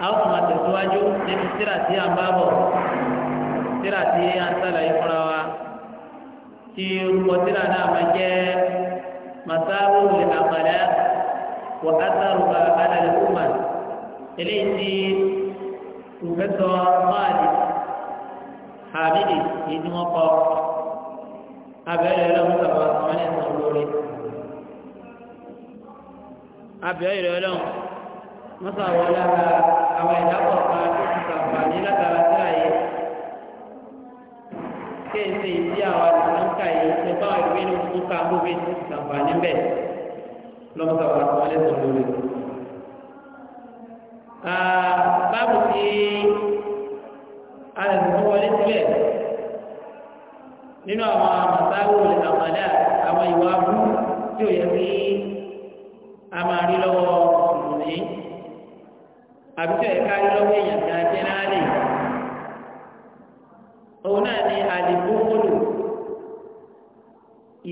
a ó tún àtẹ̀síwájú nínú síra tí a ń bá bọ̀ síra tí a ń sàlàyé fúnra wa tí orúkọ síra náà máa jẹ́ masáwó lè àgbàdá wà á sàrò àgbàdá lè kú mà eléyìí tí pòfẹ́sọ̀ máàlì hamidi ìdúnwọ́kọ abẹ́rẹ́ lọ́wọ́ sọ̀rọ̀ àwọn ẹ̀ sọ̀rọ̀ lórí abẹ́rẹ́ lọ́wọ́ mọ́sàwọ́ lára àwọn ẹ̀dá kọ̀ọ̀kan tó ti sàǹfààní látara síra yìí kéèsì ìdí àwọn àlùfáńkà yìí ṣe bá ìwé ní oṣù ká tó ti sàǹfààní bẹ́ẹ̀ lọ́mọdé wà tó wọlé lórí. báwo ti alẹ́sìn wọlé sílẹ̀ nínú àwọn àmọ̀táwò àwọn àwọn ìwà abú tí ò yẹ kí a máa rí lọ́wọ́ àbíjọ ẹ̀ka lọ́wọ́ èèyàn ní ajẹ́nálì òun náà ni àdìgbòmọ́lò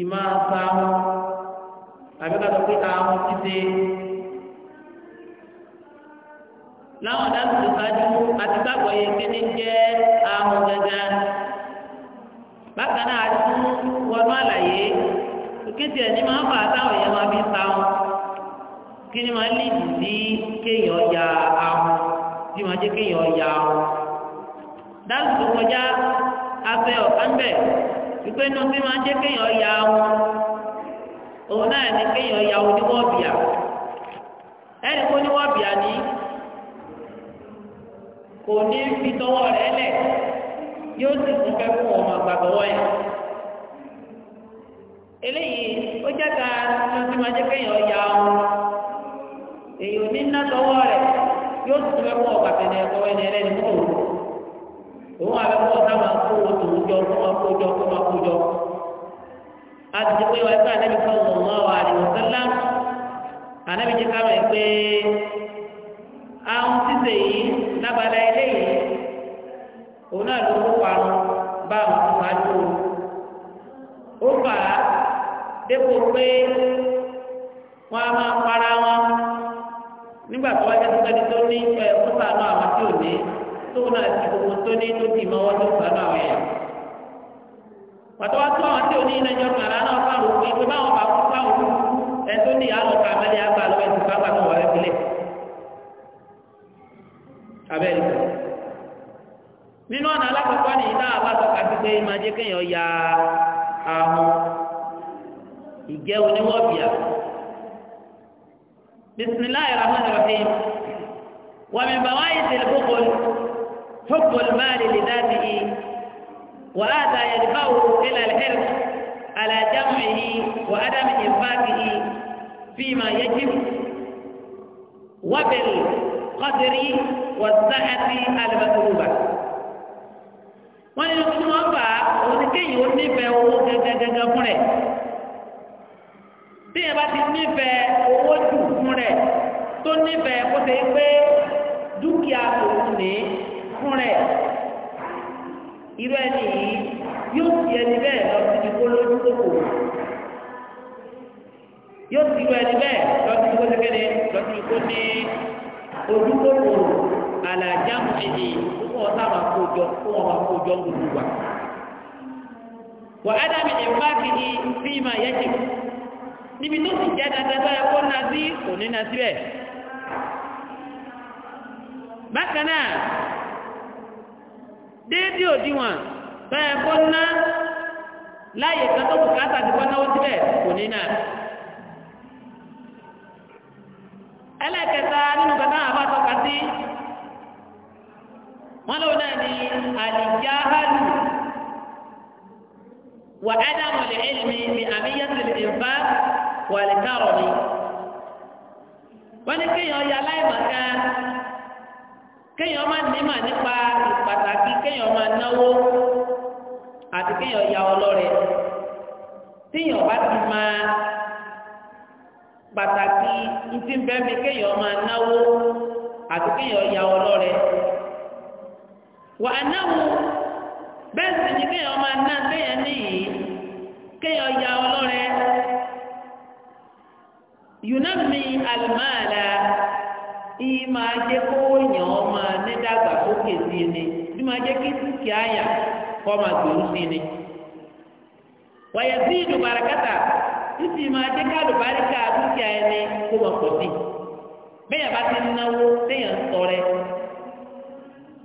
ìmọ̀ sáwọn àbíkàtọ̀ pé àwọn ti dé láwọn dáàbò tó ṣáájú àti gbàgbọ́ yẹn kí ni jẹ́ àwọn gangan bákan náà a tún wọnú àlàyé kéde ẹni máa ń fà á táwọn èèyàn máa fi sáwọn kí ni máa lídì sí kéèyàn ya ahun tí máa jẹ́ kéèyàn ya ahun dáàbò tó kọjá abẹ́ ọ̀kánbẹ̀ ìpé inú tí máa jẹ́ kéèyàn ya ahun òun náà ní kéèyàn ya oníwọ́bìà ẹni kó níwọ́bìà ní kò ní fi tọwọ́ rẹ̀ lẹ̀ yóò sì tún fẹ́ fún ọmọ àgbàgbọ́wọ́ yẹn eléyìí ó jẹ́ ká tuntun máa jẹ́ kéèyàn ya ahun. níbi tó sì jẹ́ dandan tó yẹ kó na sí kò ní na síbẹ̀ bákan náà déédé òdiwọ̀n tó yẹ kó ná láàyè kan tó bùkátà ti kọ́ náwó síbẹ̀ kò ní na ẹlẹ́kẹta nínú kẹta àbá tọ́ka sí wọ́n lóun náà ní àlìjáhálù wà ádámù lè ẹ̀lìmí ní àmì yẹ́sìlì ìfá wàlẹ̀ káàrọ̀ ni wọ́n ní kéèyàn ya láìmọ̀ká kéèyàn máa nímà nípa ìpàtàkì kéèyàn máa náwó àti kéèyàn ya ọlọ́rẹ̀ téèyàn bá ti máa pàtàkì ìdí bẹ́ẹ̀mi kéèyàn máa náwó àti kéèyàn ya ọlọ́rẹ̀ wà á náwó bẹ́ẹ̀ sì ni kéèyàn máa ná téèyàn níyì kéèyàn ya ọlọ́rẹ̀ yunami alimaala yìí máa jẹ́ kó yàn ọ́ máa ní dàgbàsókè sí ni yìí máa jẹ́ kí dúkìá yà kọ́ máa gbèrú sí ni. wàyà sí ìlú barakata títí máa jẹ́ ká lùbáríkà dúkìá ẹni kó máa pọ̀ sí. bẹ́ẹ̀ bá ti náwó téèyàn ń tọrẹ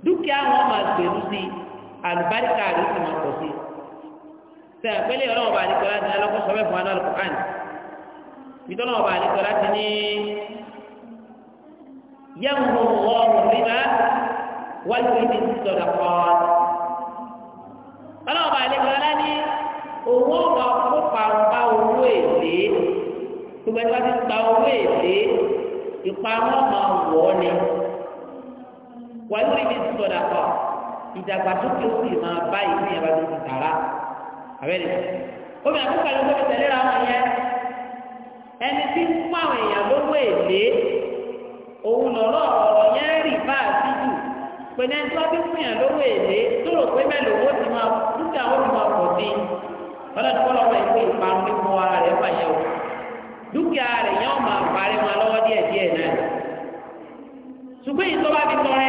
dúkìá wọn máa gbèrú sí àlùbáríkà rẹ̀ sì máa pọ̀ sí. sẹ́yìn pẹ́lẹ́ ọlọ́wọ́ bá a ní kọ́lá ní alọ́kọ́sọ́ bẹ́ẹ̀ fún wa náà lọ́kọ́ bitọnọ ọba alikọ láti ní yẹmu wọọrù rírà wáyé ibi sọdọ kọ ọlọ ọba alikọ láti owó ọba kópa ọba owó èlé gbogbo ẹgbẹ́ ti gba owó èlé ìpamọ́ ọmọ wọ ni wáyé ibi sọdọ kọ ìdàgbàsókè ó sì máa bá ìlú yẹn bá tó ti tààrà abẹ́rẹ́ omi àkókò àlùkò ìtẹ̀lẹ́ra wọn yẹn ẹni tí ń fún àwọn èèyàn lówó èlé òun lọ̀rọ̀ ọ̀rọ̀ yẹn rì bá a sí jù pé ní ẹni tí wọ́n fi fún èèyàn lówó èlé tó rò pé bẹ́ẹ̀ lówó ti máa dúkìá ó ti máa pọ̀ sí i ọlọ́dún kọ́ lọ́wọ́ ẹ̀ pé ìparun ní fún ara rẹ̀ fàyẹ̀ o dúkìá rẹ̀ yẹn ó máa parí wọn lọ́wọ́ díẹ̀ díẹ̀ náà ṣùgbọ́n ìtọ́wá fi tọrẹ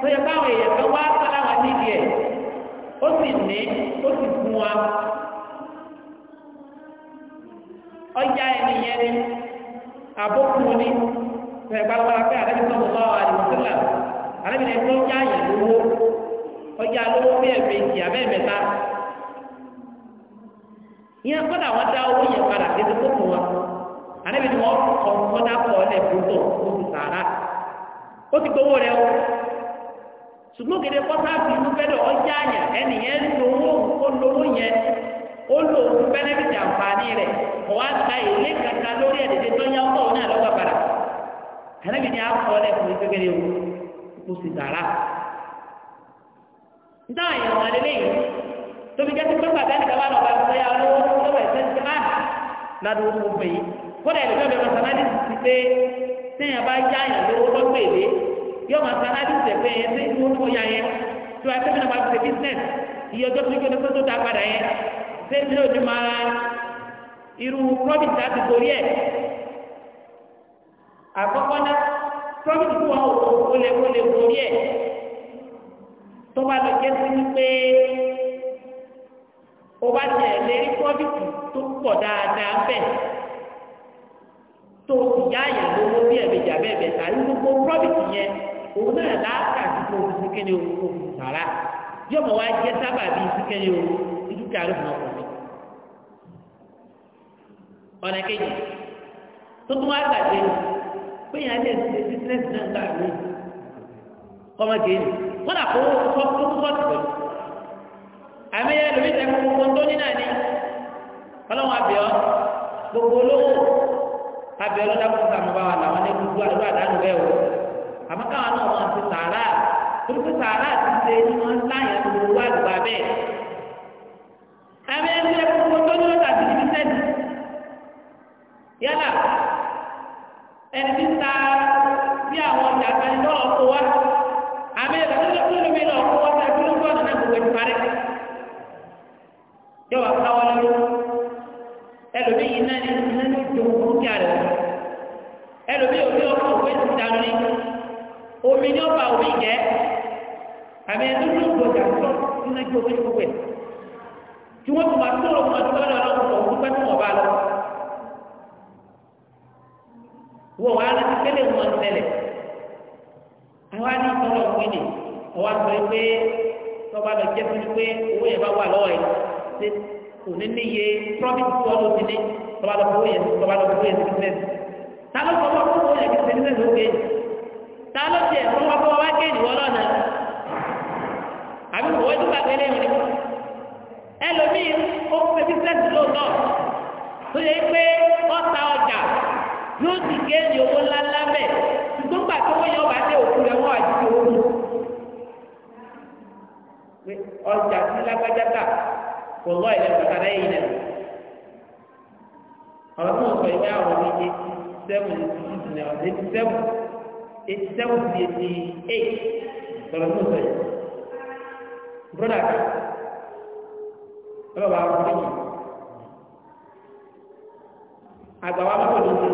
tó yẹ káwọn èèyàn kan wá sáláwọn níbi ẹ̀ ó sì ní ó sì fún wa ọjà ẹnìyẹn ni àbókù ni pẹ̀lú pé àdájọ́ tó bá wa sílẹ̀ àdájọ́ tó ń yá lówó ọjà lówó bí ẹ̀fẹ̀ ìjì abẹ́ẹ̀mẹ́ta ìyẹn kọ́dà wọn dá owó yẹn padà sí ẹsẹ̀ kókò wọn àdájọ́ ni wọ́n kọ́ kọ́dà kọ́ ọ̀lẹ̀ gbótò ó sàárà ó ti gbowó rẹ̀ o ṣùgbọ́n kéde pọ́sáàfì ìlú fẹ́lẹ̀ ọjà yẹn ẹnìyẹn lówó ó lówó yẹn ó lò ó bẹ́nẹ́fìtì àǹfààní rẹ̀ kò wá gba èlé kankan lórí ẹ̀dẹ̀dẹ̀ tó yá ọkọ̀ náà lọ́gbà padà ànábì ni àkọọ́lẹ̀ fún ìgbẹ́gẹ́rẹ́ o kò sì sàrà. níta àyàn wọn lé léyìí tóbi jẹ́ pípẹ́ pàtẹ́ níta wà lọ́ba ìgbéyà olówó lọ́wọ́ ìfẹ́ ti máa ah, ládùúgbò tó fẹ́ yìí kódà ìlú bẹ́ẹ̀ bẹ́ẹ̀ sanadi ti pé téèyàn bá yá àyàn lówó lọ́gbà èlé yóò máa sanadi tẹ̀ pé ẹ̀ ṣé ìwọ́n tó yá yẹn tó ẹ sẹ́ni náà ti máa irú profit láti gorí ẹ̀ àkọ́kọ́ náà profit tó wà ó lè ó lè gorí ẹ̀ tó bá lọ jẹ́ sí pé o bá tẹ̀ lé rí profit tó pọ̀ dáadáa bẹ́ẹ̀ tó ìyá àyà lówó bí ẹ̀mẹjà bẹ́ẹ̀ bẹ́ẹ̀ tàbí gbogbo profit yẹn òun náà láàkà tó kó o fi kéde o kó sàrà yóò mọ̀ wá jẹ́ sábà bíi fi kéde dàrú fún ọkùnrin ọ̀nà kejì tó tún wá gbàgbé pé yẹn lè ṣe bísíǹsì náà gbà mí kọ́mọdé ni kọ́dà kó kó kó kó tì pẹ̀lú àmì yẹn lórí ìtẹ̀kù gbogbo tó ní náà ni ọlọ́run àbíọ́ gbogbo olówó àbíọ́ ló dákú sàmúbà wà láwọn ní gbogbo àdúrà àdánù bẹ́ẹ̀ wò àmọ́ káwọn náà wọ́n ti sàárà torí pé sàárà ti ṣe ni wọ́n láyàn gbogbo àdúgbà bẹ́ẹ̀ ẹni tó yẹ kó gbogbo tó ní lọ́tà sí ibi sẹ́ẹ̀dì yálà ẹni tí ń ta bí àwọn ọjà kan ní lọ́ọ̀ kó wá àmì ẹ̀ka tó lọ́ọ́ kúrò lómi lọ́ọ̀ kó wá sí ẹbí lójú ọ̀nà náà gbogbo ẹni parẹ́ yóò wá káwọ́ lórí ẹlòmíyìn náà ní iná ní ìdòwò kí àrẹ ẹlòmíyìn òbí ọkọ̀ òwe ti dànù ní omi ní ọba òbí jẹ́ àmì ẹ̀ tó lọ́ọ̀ gbọ̀dọ̀ tó ń tí wọ́n tún máa tọrọ fún ọdún lọ́dọ̀ ọlọ́run kò fún pẹ́ tí wọ́n bá lọ. wọ́n wá láti tẹ́lẹ̀ wọn tẹ́lẹ̀ àwa ní ìtọ́lọ̀ gbìnì ọwọ́ àgbẹ̀ pé tọ́ba lọ jẹ́ fún pé owó yẹn bá wà lọ́wọ́ yìí ṣe kò ní níye profit tó ọdún ti ní tọ́ba lọ fún owó yẹn tọ́ba lọ fún owó yẹn sí business. ta ló sọ fún owó yẹn sí business ó géèjì ta ló tiẹ̀ fún wọn fún wọn wá géèjì wọ́n lọ́nà àbí wọ́n tún gbàgbé lẹ́yìn ẹlòmíì ó ń pe bísíǹsì lóòótọ́ tó yẹ pé ọ̀ta ọjà yóò sì gé ní owó ńláńlá bẹ́ẹ̀ ṣùgbọ́n gbà tó wọ́n yọ ọba dé òkú rẹ̀ wọ́n àti owó mú. ọjà sí lágbájáta kò lọ ilẹ̀ pàtàkì yìí nà ọ̀rọ̀ tó ń sọ ìwé àwọn ọmọ yìí seven eighty six ní ọ̀dọ̀ eighty seven eighty seven to eighty eight lọ́rọ̀ tó ń sọ yìí. brother ọlọ́ba àwọn ọmọ yìí àgbàwá mọ́tò ló ṣe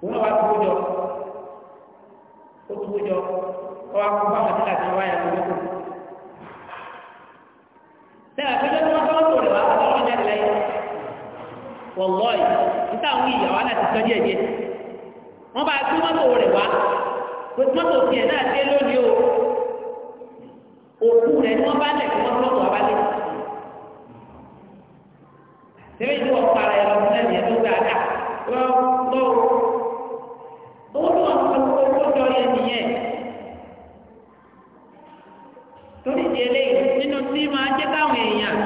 òun náà wá tó kójọ ó tó kójọ ó wá kó báwọn tí láti wáyà lórí kù. sẹ́yìn àpéjọ tí wọ́n tọ́wọ́ tó rẹ̀ wá tó lọ́wọ́ jáde láyé wọ̀lọ́ọ̀yì níta àwọn ìyàwó láti tọ́ díẹ̀ díẹ̀ wọ́n bá gbé mọ́tò rẹ̀ wá gbé mọ́tò tiẹ̀ náà dé lónìí o òkú rẹ̀ ni wọ́n bá lẹ̀ kí wọ́n tó wọ́n bá lẹ̀. tí wọ́n para ẹ̀rọ fún ẹ̀mí ẹ̀dó gbà dà lọ́wọ́. Owó tí wọ́n fún owó jọ yẹn nìyẹn. Torí di eléyìí nínú tí máa jẹ́ káwọn èèyàn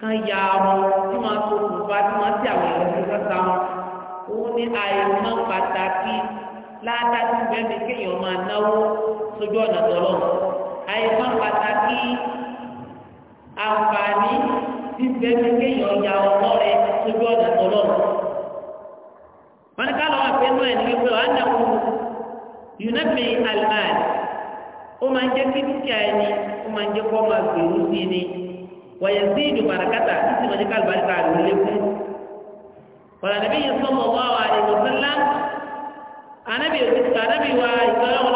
kan ya ọmọ tí máa tó kùn bá tí máa ti àwọn ẹ̀rọ tó sọ́ta wọn. Òun ni àìmọ́ pàtàkì láàdá tí bẹ́ẹ̀ ni kéèyàn máa náwó sójú ọ̀nà tọ̀lọ̀ àìsàn pàtàkì àǹfààní tí bẹ́ẹ̀ ni kéèyàn ya ọmọ rẹ sójú ọ̀nà tọ̀lọ̀ wọn ká lọ́wọ́ àfẹnú ẹ̀ ní wípé wọn á kú yunẹ́pì alimad ó máa ń jẹ́ kí dúkìá ẹni ó máa ń jẹ́ kó máa gbèrú sí ni wọ̀nyẹ̀ sí ìdùbàràkátà títí wọn jẹ́ ká àlùbáríkà rẹ̀ lékún. wọn àdàbí yẹn anabi òsì anabi wa ìgbàlọ́wọ́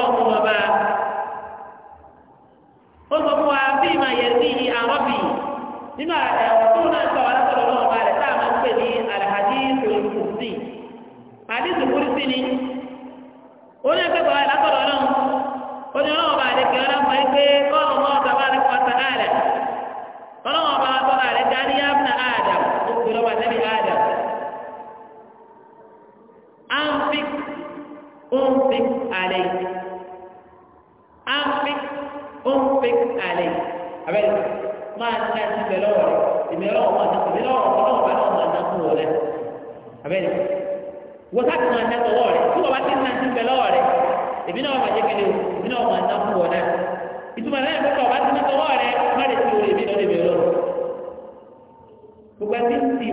sọ fún wa bí nínú náà sọ bá rẹ̀ tá a máa ń pè ní alhadi olùkùsì hadith kúrúsì ni ó ní ẹgbẹ́ bàbá ìlàsọ̀rọ̀ náà ó ní ọlọ́wọ́ bá rẹ̀ kí kọ́ bá rẹ̀ انفق عليك انفق انفق عليك abẹ́rẹ́ máa ní àti bẹ̀rẹ̀ ọ̀rọ̀ èmi ọlọ́wọ́ máa ná èmi lọ́wọ́ ọlọ́wọ́ bá lọ́wọ́ máa ná fún wọn rẹ abẹ́rẹ́ wọ́n sáà ti máa ná tọwọ́ rẹ tí wọ́n bá ti ní àti bẹ̀rẹ̀ ọ̀rẹ́ èmi náà máa jẹ́ kele o èmi náà máa ná fún wọn náà ìtumọ̀ náà ìfẹ́ tọ̀ bá ti ní tọwọ́ rẹ má lè ti orí èmi lọ́dẹ̀ bẹ̀rẹ̀ lọ gbogbo ẹni tí ì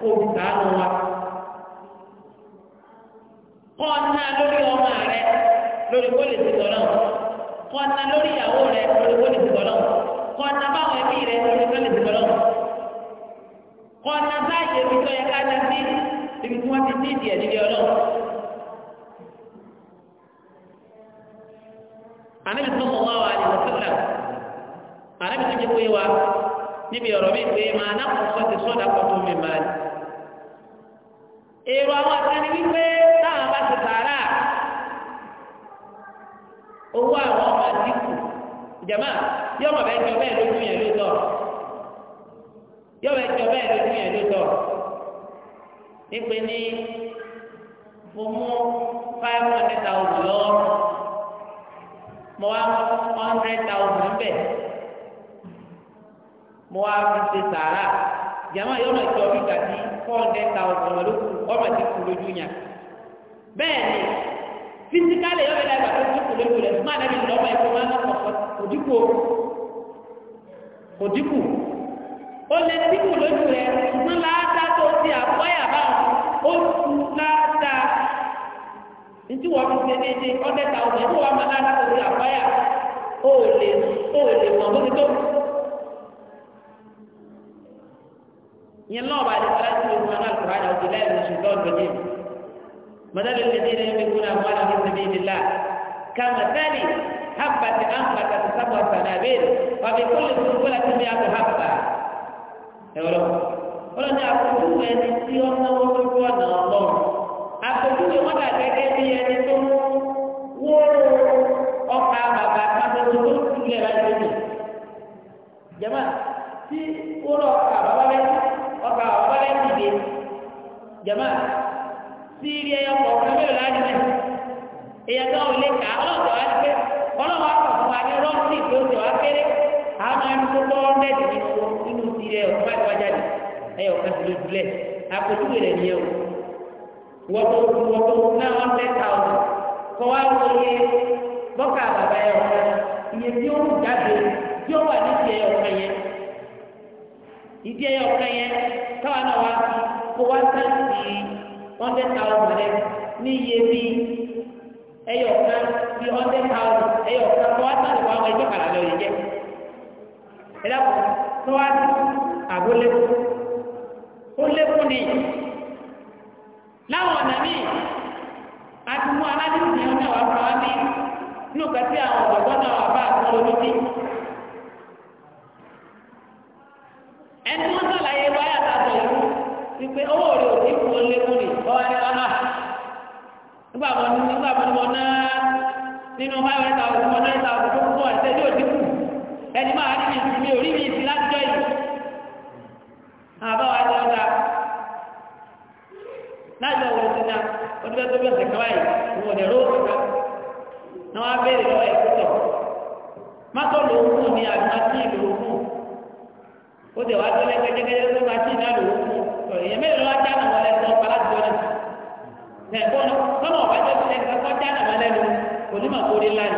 kó o sàánú wa. kọ́ ọ̀nà lórí ọmọ rẹ lórí kó lè ti tọ̀lọ̀ kọ́ ọ̀nà lórí ìyàwó rẹ lórí kó lè ti tọ̀lọ̀ kọ́ ọ̀nà báwọn ẹbí rẹ lórí kó lè ti tọ̀lọ̀ kọ́ ọ̀nà báyìí ibi tó yẹ ká dá sí ibi tí wọ́n ti ní ìdí ẹ̀dídì ọlọ́run. àníbi tó mọ̀ wá wa ni wọ́n sílẹ̀ àníbi tó jẹ́ pé wa níbi ọ̀rọ̀ mi pé màá náà kọ́ ti sọ́dà pọ̀ tó mi máa ní èrò àwọn àtàní wípé táwọn bá ti sàárà owó àwọn ọmọ àdínkù ìjàmá yóò mọ̀ bẹ́ẹ̀ jọ bẹ́ẹ̀ lójú yẹn ló tọ̀ yóò bẹ́ẹ̀ jọ bẹ́ẹ̀ lójú yẹn ló tọ̀ nípe ní mo mú five hundred thousand lọ́wọ́ mo wá hundred thousand bẹ́ẹ̀ mo wá fi ṣe sàárà jama yọmọ ìtọ́ bí gàdí four hundred thousand ọmọ lókù ọmọ ti kú lójú yàn bẹ́ẹ̀ ni fisikali yọmọ ìlà ìgbà tó ti kú lójú rẹ̀ fún àdàbí lọ́mọ ẹ̀kọ́ máa ń lọ kọ̀ọ̀kọ́ òdìkú òdìkú ó lè dínkù lójú rẹ̀ ṣùgbọ́n láàdá tó ti àbọ̀yà báwọn ó tu láàdá ntí wọ́n fi ṣe déédéé hundred thousand ẹ̀kọ́ wa máa láàdá tó ti àbọ̀yà ó lè ó lè mọ̀ ìyẹn náà bá dé láti lè fún aláàlú rárá òkè láì lè ṣùgbọ́n ọ̀dọ́jẹ́ mọ́tàlẹ́ lẹ́dí ní ẹgbẹ́ ìwúrà wọn àti ìsẹ̀bí ìdílà kàmọ́tàlì حبة أنبتت سبع سنابل وبكل سنبلة مئة حبة ẹ̀rọ wọn ní àpòjúwe ẹni tí ó náwó lójú ọ̀nà ọlọ́run àpòjúwe wọn dà gẹ́gẹ́ ẹni tó ń wó ọkà bàbà pàtẹ́tò tó ti lẹ̀ láti ẹ̀yìn jẹ́mà tí ó lọ ọkà bàbá bẹ́ẹ̀ ọkà ọ̀bọ̀lẹ̀ ń dìde jama sírí ẹyọ pọ̀ ọ̀kan mélòó láti mẹ́ èèyàn kan ò lè kà á ọlọ́dọ̀ wá pé ọlọ́wọ́ àpọ̀ fún wa ní rọ́ọ̀tì tó tẹ̀ wá kéré a máa ń tó bọ́ ọ́ndẹ́tì nínú sírí ẹyọ fún àtiwá jáde ẹyọ kan ti lè dulẹ̀ àpòjúwe rẹ̀ nìyẹn o wọ́pọ̀ wọ́pọ̀ náà wọ́n tẹ́ ta ọ̀ kọ́ wá wọlé bọ́kà bàbá ẹyọ kan iye tí ó jáde tí ó wà ní ti ẹyọ kan yẹn ìdí ẹyọ ọ̀kan yẹn táwa náà wá sí kó wá sáǹtì hundred thousand rẹ ní iye bí ẹyọ ọ̀kan bí hundred thousand ẹyọ ọ̀kan kó wá sáǹtì wá wọn ẹgbẹ́ kàrà lọ yẹn jẹ ẹ dàpọ̀ tó wá sí àgbo lẹ́kọ̀ọ́ ó lẹ́kọ̀ọ́ ni láwọn ọ̀nà míì àti mú aládùúgbò yẹn náà wá fún wa ní inú kẹsí àwọn ọ̀dọ́gbọ́n náà wà bá àtúntò lójú ẹni wọn sàlàyé báyà tàbí ọ̀hún wípé owó rẹ̀ ò ní kú ó lé ọ ọwọ́ ẹni nígbà wọn ní nígbà wọn náà nínú tó kú ẹni máa ìsinmi mi yìí àbáwá tó bí náà ó tẹ̀ wá tẹ́lẹ̀ kẹ́kẹ́kẹ́ tó bá sí iná lòó fún èèyàn mẹ́rin lọ́wọ́ dáná wọn lẹ sọ palásìkò náà nà ẹ̀kọ́ náà tọ́nà ọ̀bá jẹ́ sílẹ̀ kọ́kọ́ dáná wọn lẹ́nu onímọ̀ kó lé láì.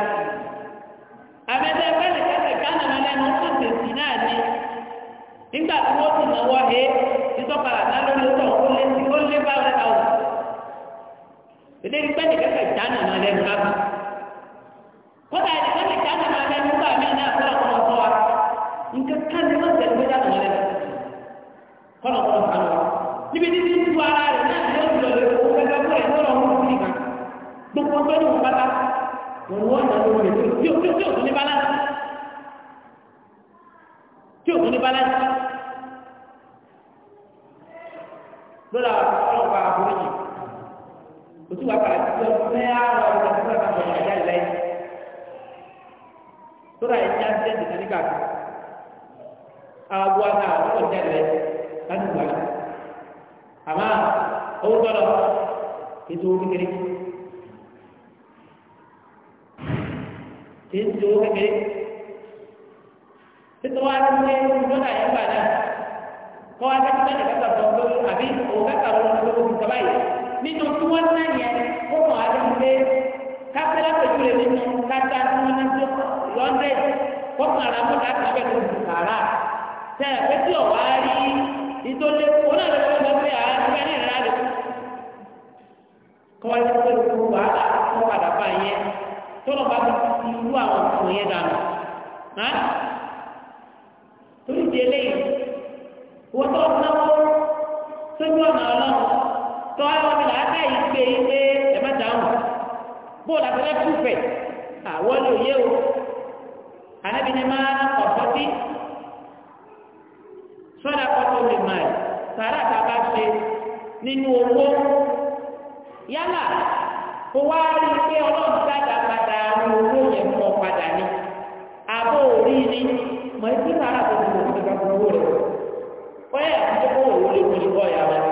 àmẹ́tẹ́ fẹ́lẹ̀ kẹ́kẹ́ dáná wọn lẹ́nu tó ṣe sí náà ni nígbà tí wọ́n ti náwó he títọ́pàlà náà lórí ó tọ̀ ó lé sí ó lé bá ọ̀rẹ́ àwọn. ìdérí pẹ́ẹ́lẹ̀ kẹ́kẹ́ dáná wọn lẹ́nu lábàá. kódà ìdíkọ́lẹ̀ dáná wọn lẹ́nu gbà mí náà fún ọ̀pọ̀lọpọ̀ wa nǹkan kan ní wọ́n tẹ̀lé wọ́n yàtọ̀ lẹ́nu kọ́nà kọ́nà kan lọ. níbi títí ń tu ara rẹ̀ náà yóò lọ lè fún ọgbẹ́ gbogbo ẹ̀ lọ́rọ̀ wọn fún ìgbà gbogbo ọgbẹ́ ní wọn pátá wọn wọ́n náà wọn lè fún tí òkú tí òkú ní bálá tí òkú ní bálá lọ́la ọlọ́pàá àbúrò òtú wa kà ti sọ mẹ́à lọ ọ̀rọ̀ ìgbà tó bá bọ̀ ọ̀rọ̀ ìyá ìlẹ́yìn tó rà ẹ̀yìn á ti tẹ̀sí nígbà kan aago ata àtúntò tẹ́lẹ̀ láti gbà Ama, owó tọ́lọ̀ ètò owó kékeré kì í ti owó kékeré títí wọn á ti ṣe lọ́dà yẹn gbà náà kọ́ wa ká títí ẹ̀ka tọ̀ tọ̀ lórí àbí òwò kẹta lọ́wọ́ lórí òwò ìjọba yìí nínú tí wọ́n ná yẹn kó mọ̀ á ti ṣe kápẹ́lá pẹ̀lú rẹ̀ nínú káta tí wọ́n ná sí lọ́ndẹ̀ kó kàn án mọ́ta kan bẹ̀rẹ̀ òkú kàrà tẹ ẹ pẹtí ọwá rí ìtòlẹ kó náà lè fọwọ́ pé àá ti fẹ́ náà rárá lẹ́kọ̀ọ́ kọ́ ẹ pé gbogbo wàhálà kọ́ padà bá yẹn tó lọ́ba ti irú àwọn òkùnkùn yẹn dànù torí di eléyìí wọ́n tó náwó sójú ọ̀nà ọlọ́run tó àwọn ọmọ làákà yìí gbé ilé ẹ̀mẹ́ta ọ̀hún bóòlù àtẹlẹ́kùfẹ̀ àwọn olóyè o ànábi ni máa ń kọ̀ fọ́tí sọ́dà kọ́tọ́ mi máa ẹ̀ sàrà tá ṣe nínú owó yálà kó wá rí pé ọlọ́run dáadáa padà àwọn owó yẹn fún padà ní àbọ̀ orí ni mọ̀ ẹ́ sí sàrà tó ti mọ̀ sí ìgbà gbogbo rẹ̀ wọ́n yà kó kó owó lè wọlé bọ́ ìyá wọn.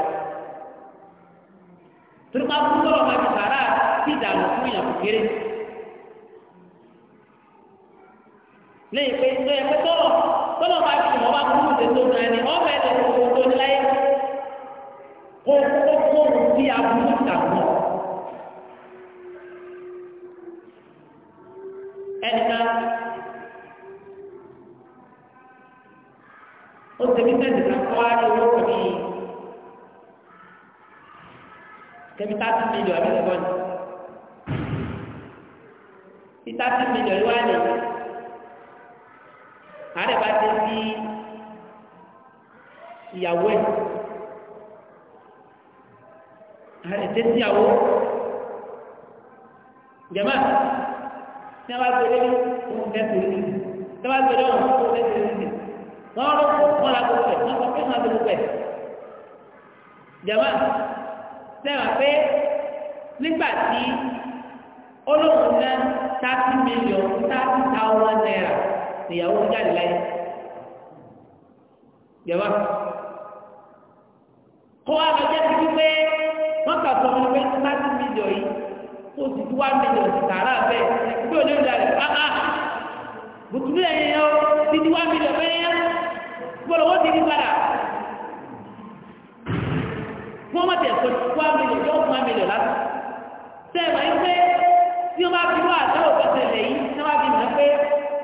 torí máa fún sọ́rọ̀ máa fi sàrà sí ìdààmú fún ìyàwó kéré. lẹ́yìn pé tó yẹ pé tọ́lọ̀ tọ́lọ̀ bá fi mọ́ bá kúrú ṣe tó gan ni wọ́n fẹ́ẹ́ lè fi owó tó ní láyé kó kó kó bí aburú ìtàkùn. ẹnìkan ó ṣe bí sẹ́ẹ̀dì kan kọ́ á ní owó kan ní kẹ́mítà tí mílíọ̀nù àbí ẹ̀gbọ́n ní mílíọ̀nù wà lẹ́yìn àárẹ̀ bá dé sí ìyàwó ẹ̀ àárẹ̀ dé sí ìyàwó jẹ̀má ní a bá gbélé ní ohun tẹ́sí rí ní a bá gbélé ọ̀hún ohun tẹ́sí rí ní wọ́n rọ wọ́n la gbogbo ẹ̀ wọ́n sọ pé wọ́n gbogbo ẹ̀ jẹ̀má pé nígbà tí olóhùn náà thirty million thirty thousand naira ìyàwó ti jáde láyé yẹ̀wá kó wa lọ jẹ́ títí pé wọ́n kà sọ fún mi pé láti mílíọ̀ yìí kó o sì tún wá mílíọ̀ sí tààrà bẹ́ẹ̀ bí o ní ìlú rẹ̀ áá bùtùmí ẹ̀yìn yẹn o ti ti wá mílíọ̀ bẹ́ẹ̀ yẹn gbọ́dọ̀ wọ́n ti ní padà fún ọmọ tẹ̀ sọ ti wá mílíọ̀ yóò fún wa mílíọ̀ láti sẹ́ẹ̀ máa ń pé tí wọ́n bá fi wá àtàwọn òkè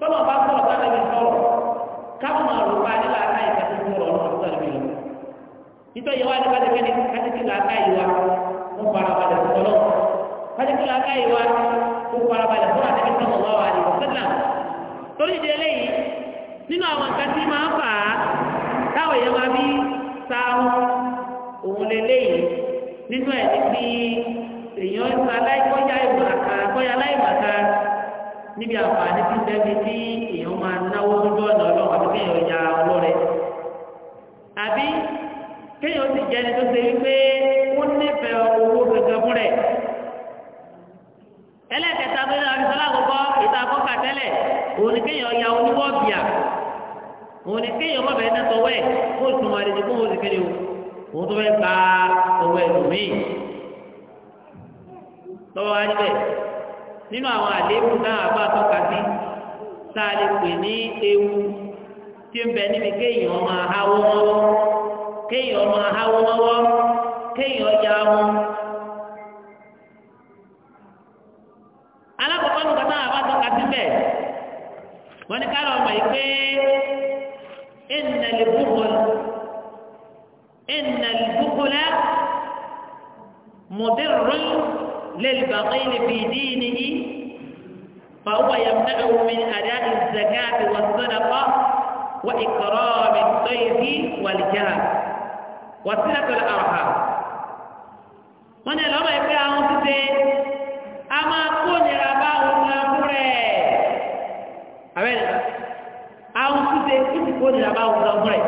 tọ́lọ̀ bá sọ̀rọ̀ bá lẹ́bi sọ̀rọ̀ káwọn àrùbá nílà aká ìka tó ń rọ̀ ọ̀nà tó tẹ̀lé lọ. nítorí wá ní kájẹ́kẹ́ ní kájẹ́kẹ́ là aká ìwà ó farabalẹ̀ sọ̀rọ̀ kájẹ́kẹ́ là aká ìwà ó farabalẹ̀ sọ̀rọ̀ àti ẹ̀kẹ́ sọ̀rọ̀ wà ní ìwọ̀sẹ́lá. torí ìdí eléyìí nínú àwọn nǹkan tí máa ń fà á táwọn èèyàn máa fi sa òun lélẹ́yìí nínú ẹ̀ ní bí èèyàn ń sa aláìkọ́yà ìmọ̀ níbi àǹfààní tí sẹ́ni tí èèyàn máa náwó lójú ọ̀nà ọlọ́run àti kéèyàn ya ọlọ́rẹ àbí kéèyàn sì jẹ́ni tó ṣe wípé ó nífẹ̀ẹ́ owó gẹ́gẹ́ fún rẹ̀ ẹlẹ́kẹta tó yẹ àfihàn àkọ́kọ́ ìta àkọ́kọ́ àtẹ́lẹ̀ òun ni kéèyàn ya oníwọ́ bìà òun ni kéèyàn má bẹ̀rẹ̀ náà tọwọ́ ẹ̀ kó tún wà lẹ́yìn kó wọ́n ti kéde o òun tó fẹ́ gba tọwọ́ ẹ̀ lómi tọwọ́ wa nínú àwọn àléébù náà àbá tọ́ka sí tá a lè pè ní ewu tí ń bẹ níbi kéèyàn máa háwó mọ́wọ́ kéèyàn máa ya wọn. alákọ̀ọ́kọ́ nǹkan náà àbá tọ́ka sí bẹ́ẹ̀ wọ́n ní ká lọ́ọ́ yìí pé lè للباطل في دينه فهو يمنعه من أداء الزكاة والصدقة وإكرام الضيف والجاه وصلة الأرحام wọ́n yẹ lọ́rọ̀ ẹgbẹ́ àwọn títẹ́ a máa kó nira bá àwọn ọmọ rẹ̀ àwẹ́rẹ̀ àwọn títẹ́ kí ti kó nira bá àwọn ọmọ rẹ̀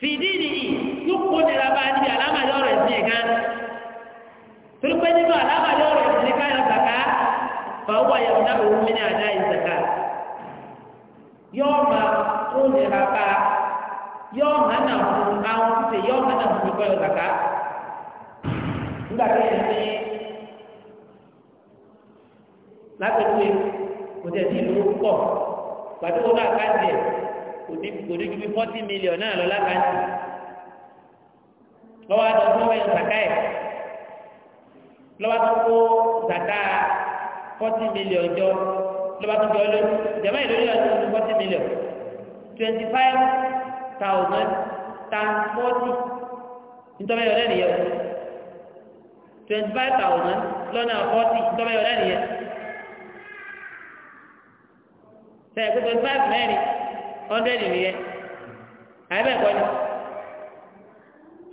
fìdí yamna òun mi ní àdá ìzàká yóò máa ó nira bá yóò hànà fún àwọn títẹ yóò hànà fún ìkọyọ zàká nígbà tó yẹ ní lápẹtù kò tẹ̀ sí ìlú pọ̀ pàtó wọn náà káńtì ẹ̀ kò ní kò ní ju bí fọ́tí mílíọ̀nù náà lọ lákáńtì lọ́wọ́ àtọ̀ fún ẹ̀yìn zàká ẹ̀ lọ́wọ́ àtọ̀ kó zàká ẹ̀ forty million jọ lọ́ba tó jọ lé jẹ̀mọ́ ìlú yóò tó forty million twenty five thousand times forty nítorí ọ̀rẹ́ nìyẹn o twenty five thousand lọ́nà forty nítorí ọ̀rẹ́ nìyẹn sẹ́yìn pé twenty five mẹ́rin hundred nìyẹn àyẹ̀bẹ̀kọ́ ni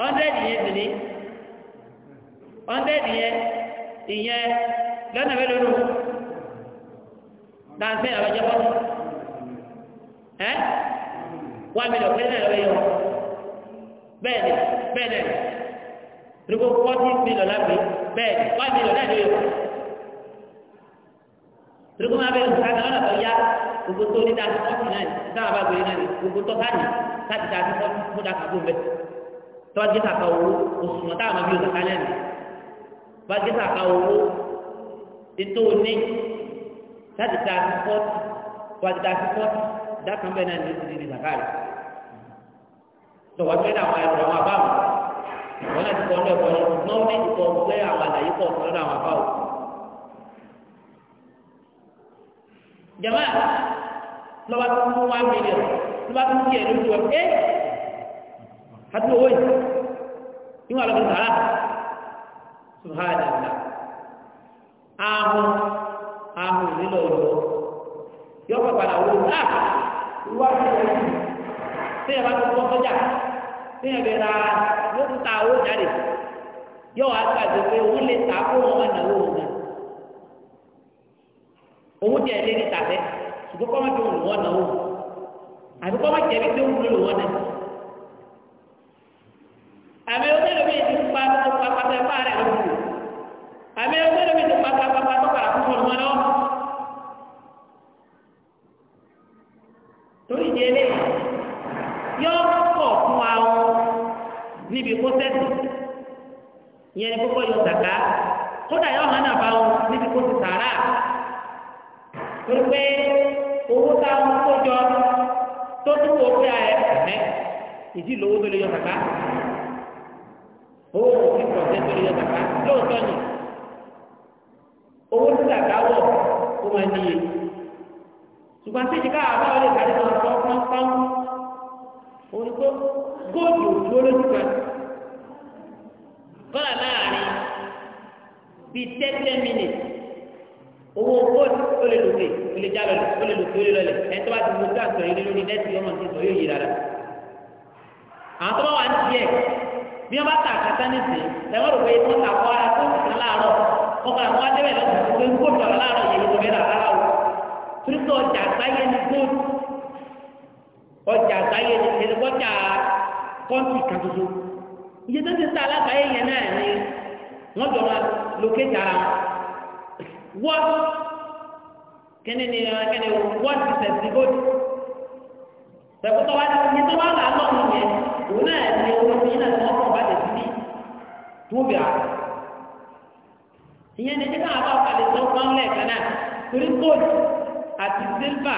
hundred yẹn sì ni hundred yẹn ìyẹn lọ́nà mélòó ló dáńsẹ́ àbájá bọ́ ẹ́ wá mi lọ pẹ́lú ẹ̀rọ yọ bẹ́ẹ̀ ni bẹ́ẹ̀ náà rúgbó fọ́tí mi lọ lágbè bẹ́ẹ̀ ni wá mi lọ náà ló yọ rúgbó máa bẹ́ẹ̀ lọ́nà ọ̀nà tó yá gbogbo tó ní dáa fọ́tí náà dáa bá gbé náà gbogbo tó ká ní láti dáa fọ́tí fún dáa kàgbó mẹ́ta tọ́jú kàkà owó oṣù mọ́tà àmọ́ bí o kàkà lẹ́nu bá gé kàkà owó ètò òní láti ta sí fọ́ọ̀tì fọ́ọ̀tì ta sí fọ́ọ̀tì dákan bẹ́ẹ̀ náà ní oṣù ní zakari tọ̀wọ́ fẹ́ẹ́ àwọn ẹ̀rọ àwọn abáwò wọn náà ti kọ́ ọ́nà ẹ̀kọ́ yẹn náà ní ìkọ́ ọ̀gbẹ́ àwọn àlàyé pọ̀ fún ọ̀nà àwọn abáwò. jama lọ́ba tó mú wá mílíọ̀n lọ́ba tó mú kí ẹ̀rọ ìjọ ẹ̀ àti owó yìí níwọ̀n àlọ́ ahun ahun nílò ọ̀dọ́ yọ pẹ̀ padà wò ó wá sí ẹ̀yìn tí ẹ bá tó tọ́ sọ́jà tí ẹ bẹ ra yóò tún ta owó jáde yọ wá gbàgbé pé òun lè ta kó wọn máa náwó òun náà owó tí ẹ lé ní tàbẹ́ ṣùgbọ́n kọ́ máa tó wù wọ́n náwó àbí kọ́ máa jẹ́ tó wù lò wọ́n náà àmì ọgbẹ́rẹ́ mi ti pa pátápátá rẹ̀ lọ́dún àmì ọgbẹ́rẹ́ mi pátápátá tó padà fún ọmọ lọ. torí ìdí eléyìí yọ pọ̀ fún wa o níbi kó sẹ́sì ìyẹn ni kókó yọ sàká kódà yọ hàn náà bá o níbi kó ti sàrà torí pé owó táwọn kó jọ tó tún wò pé ẹ ẹ ìdí lówó tó lè yọ sàká owó kò fi pọ̀ sẹ́sì tó lè yọ sàká lóòótọ́ yìí. kó máa di yé ṣùgbọ́n tí ìdíkà àbá wọlé ìdájí máa sọ pánpán òun tó góòlù òdúró lójú kan kọ́là láàrin bíi tẹ́tẹ́ mínítì owó góòlù ó lè lòkè ó lè jálọ ó lè lòkè ó lè lọlẹ̀ ẹ̀ tó bá ti mú sáà sọ̀rọ̀ yìí lórí nẹ́ẹ̀tì ọmọ ti sọ yóò yé rárá àwọn tó bá wà ní tiẹ̀ bí wọ́n bá ta àkàtà nìsín lẹ́wọ́n rò pé wọ́n ta kọ́ ara tó ti kan láàárọ̀ ọkọ̀ àwọn adébẹ̀ lọ́sọ̀ tó ń kó tọ̀rọ̀ láàárọ̀ yìí ló mẹ́ra ara o torí pé ọjà àgbáyé ni góòlù ọjà àgbáyé ni ẹni bọ́jà kọ́ńtì kan tó tó iye tó ti sá alágbáyé yẹn náà ni wọ́n jọ máa lókèjì ara wọ́n kíni ni kíni wọ́n ti tẹ̀sí góòlù tẹ̀kútọ̀ wá ní tó wá làálọ̀ nìyẹn òun náà ni owó tí náà ti wọ́n kọ̀ bá tẹ̀sí ìyẹn ní kíkà àbá àpàlẹ̀ tó pọ́n lẹ́ẹ̀kan náà torí góòlù àti sílvà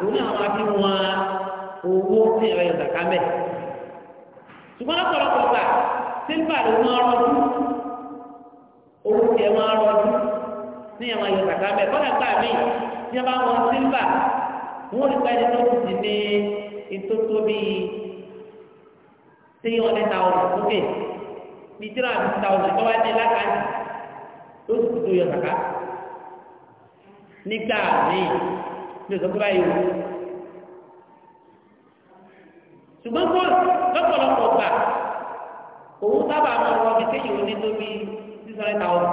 òun náà wọ́n fi wọn owó ní ẹ̀rọ ìzàká mẹ́. ṣùgbọ́n lọ́pọ̀lọpọ̀ gbà sílvà ló máa rọdú owó tiẹ̀ máa rọdú ní ẹ̀rọ ìzàká mẹ́ kọ́nà gbà mí ní ẹ bá wọn sílvà wọ́n rí pẹ́ ní tó ti ní ìtótó bíi three hundred thousand sókè bíi three hundred thousand tó wá ní lákàtúntì ó sì tó yọ kàkà nígbà míì ní ìsọkúrò ayé wò ṣùgbọ́n kó lọ́pọ̀lọpọ̀ gbà òun sábà máa wọ ibi téèyàn ní tó bí sísọ̀rẹ́ ọ̀rọ̀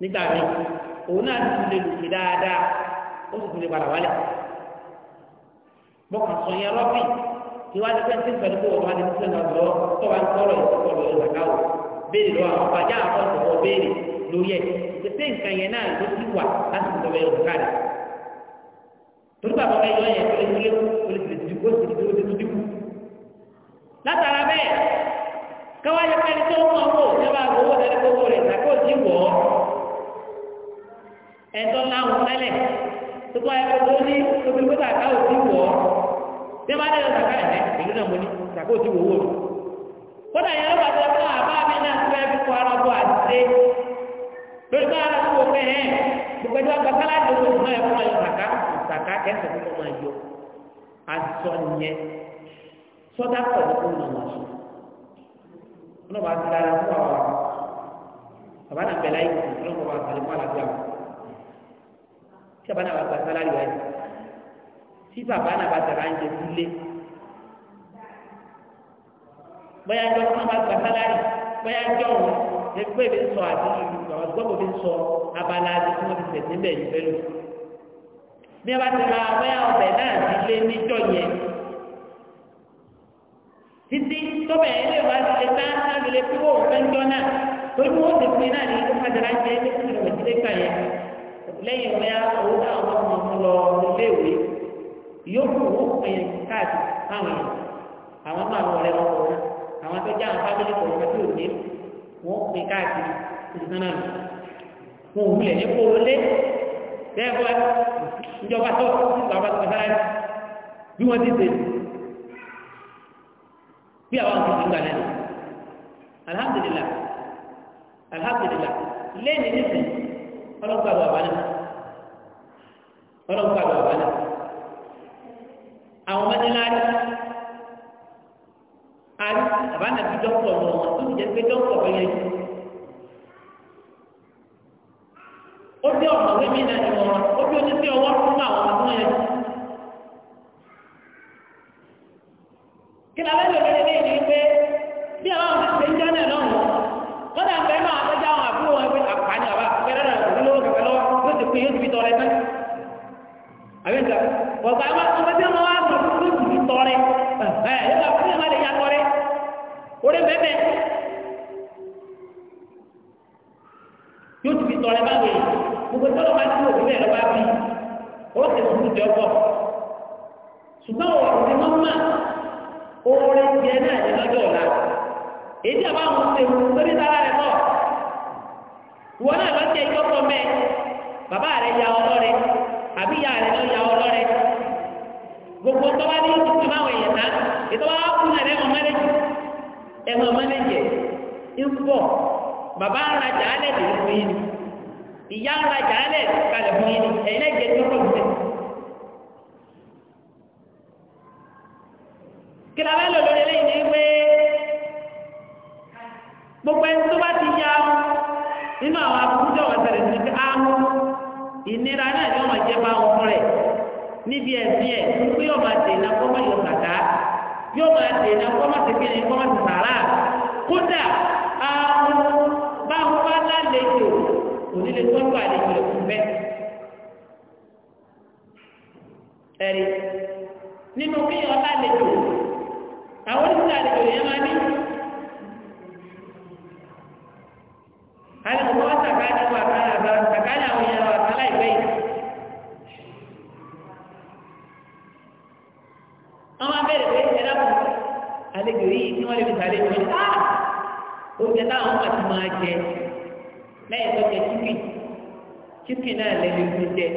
nígbà míì òun náà ti lè lùkì dáadáa ó sì tún lè padà wálẹ̀ bọ́kàn sọ yẹn lọ́pìn kí wọ́n ti fẹ́ẹ́ sí ìfẹ́ ní wọ́n wá ní sísọ̀rẹ́ náà lọ́wọ́ tó wá ń sọ̀rọ̀ ìsọ̀rọ̀ ìlàkàwọ̀ béèrè lọ́wọ́ àwọn ọ̀pá já àwọn ọ̀pọ̀ béèrè lórí ẹ̀ pèsè nǹkan yẹn náà ló ti wà láti sọ bẹ́ẹ̀ òǹkà rẹ̀ torí bàbá ọmọ ẹ̀yọ́ yẹn kọ́lé kọ́lé kọ́lé ti di kó ti di kó ti di kú látara bẹ́ẹ̀ káwá yẹ káni tó ń mọ owó ní wàá owó tẹ̀lé gbogbo rẹ̀ sàkó ti wọ̀ ọ́ ẹ̀tọ́ láwọn tẹ́lẹ̀ tó kọ́ ẹ gbogbo ní kódà yẹn lọ́wọ́ àti ọ̀gá àbá mi náà ti fẹ́ẹ́ fi kọ́ ara bọ̀ àti lórí bá ara tó fẹ́ ẹ̀ gbogbo ẹjọ́ gbàgbọ́lá tó tó fún ẹ̀ fún ẹ̀ sàká sàká kẹsẹ̀ tó tó máa yọ àtọ̀ nìyẹn sọ́dá pọ̀ ní kóńdà wọn sọ ọlọ́wọ́ àti lára fún àwọn bàbá náà bẹ̀rẹ̀ ayé ọlọ́wọ́ bá àtàlẹ́ fún àlàáfíà wọn tí bàbá náà bá gbà sálárì tí bàbá náà bá tẹ̀lé bóyá jọ fún wa gba sálárì bóyá jọ òun ẹgbẹ́ mi sọ àti gbọ́dọ̀ mi sọ abala àti tí wọ́n ti tẹ̀sí bẹ́ẹ̀ yìí fẹ́ lò. bí a bá ti ra bóyá ọbẹ̀ náà ti lé níjọ yẹn títí tọ́bẹ̀ ilé wa ti lè tá lábìlẹ̀ pé wọ́n fẹ́ jọ náà torí wọ́n ti pin náà ní kó kájára jẹ́ ní kí yóò fún owó pin káàdì fáwọn àwọn máa wọlé wọn kọ náà àwọn tó jáwọn fábílì kọ̀ọ̀kan tí ò ní wọ́n pè káàkiri ìsúná náà wọn ò wulẹ̀ ní kó o lé bẹ́ẹ̀ bọ́ ìjọba tó ìjọba tó sára bí wọ́n ti tẹ̀lé bí àwọn àwọn tuntun gbà lẹ́nu alhamdulillah alhamdulillah lẹ́yìn nísìnyí ọlọ́gbà bàbá náà ọlọ́gbà bàbá náà àwọn ọmọdé náà. àbánàbí dọ́kítọ̀ lọ wọn tó ti jẹ́ pé dọ́kítọ̀ bẹ́yẹn wọ́n máa bẹ̀rẹ̀ pé ẹ̀rọ kù àlejò yìí tí wọ́n lè fi sàlẹ̀ ìwé á oúnjẹ táwọn máa ti máa jẹ lẹ́yìn tó jẹ chicken chicken náà lè lè fi jẹ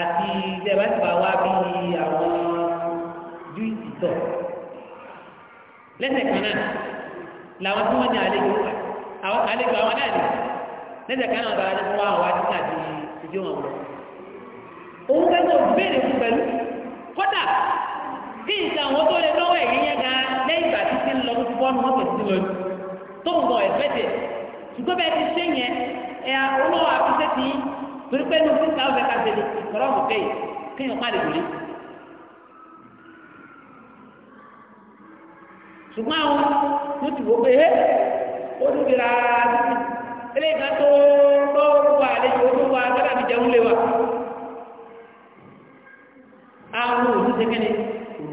àti ìjẹba ti bá wá bí àwọn júìsì tọ̀ lẹ́sẹ̀ kan náà làwọn tí wọ́n ní àlejò àlejò àwọn náà nì lẹ́sẹ̀ kan náà bá wọn wá wá títà di ìjọ wọn lọ. òun kẹ́kọ̀ọ́ kí nǹkan tó lè lọ́wọ́ ẹ̀yìn yẹn gan lẹ́yìn ìgbà títí ń lọ tó ti bọ́nu mọ́tò títí lọ tó ń bọ̀ ẹ̀fẹ́tẹ̀ ṣùgbọ́n bẹ́ẹ̀ ti ṣe yẹn ẹ̀ olówó àfisẹ́ ti torí pé nínú sísá ọ̀fẹ́ ká tẹ̀lé ìkọ̀rọ̀ ọ̀hún fẹ́ yìí kéèyàn má lè ṣùgbọ́n àwọn tó ti wò pé ẹ́ ó ti di rárá eléyìí kan tó lọ́wọ́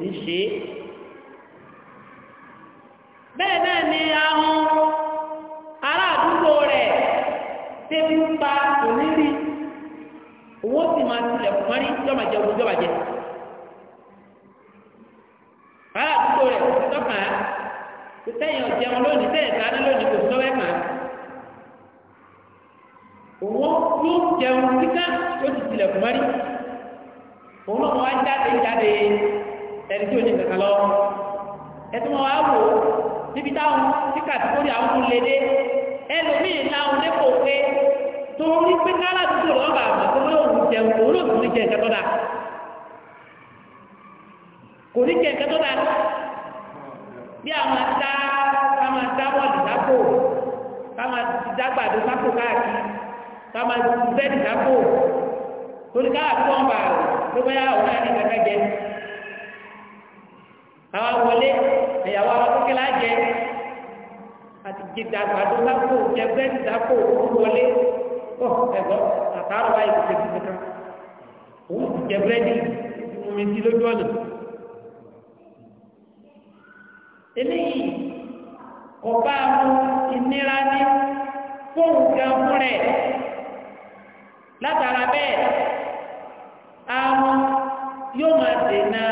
ní ṣe é bẹ́ẹ̀ náà ni ahun ará àdúgbò rẹ̀ tẹ́bí ń pa òníri owó sì máa tilẹ̀ pọ́nrí jọ́màjẹ́ ogun jọ́màjẹ́ ará àdúgbò rẹ̀ kò sí tọ́kàn á kò sẹ́yìn ọ̀jẹun lónìí sẹ́yìn sáánà lónìí kò sí tọ́wẹ́ kàn á òwò yóò jẹun kíkà yóò ti tilẹ̀ pọ́nrí òun náà wọ́n á jáde jáde ẹni tí ò ní kankan lọ ẹtùmọ wa wò níbi táwọn tí kàtíkórì àwọn tó lé dé ẹlòmíì láwọn lẹkọọ pé tó ní pé kálá dúdú lọ́ba àmọ́ tó ló ń jẹun òun ló tún jẹ nǹkan tó dáa kò ní jẹ nǹkan tó dáa bí àwọn ata káwọn ata bọ́ọ̀lù sápò káwọn dágbàdo sápò káàkiri káwọn bẹ́ẹ̀dì sápò torí káàkiri wọn bá ló bá yà wọn náà ní kankan jẹ wọlé ẹ̀yàwó alákókè lájẹ àti jìdá àgbàdo lápò ẹgbẹ́ ìdápò òun wọlé ọ ẹ̀gbọ́ àtàrọ̀ báyìí kò tẹ̀sí kankan òun ti jẹ búrẹ́dì omi ti lójú ọ̀nà. eléyìí kò bá mú ìnira ní fóònù kan fún rẹ̀ látara bẹ́ẹ̀ àwọn yóò máa dènà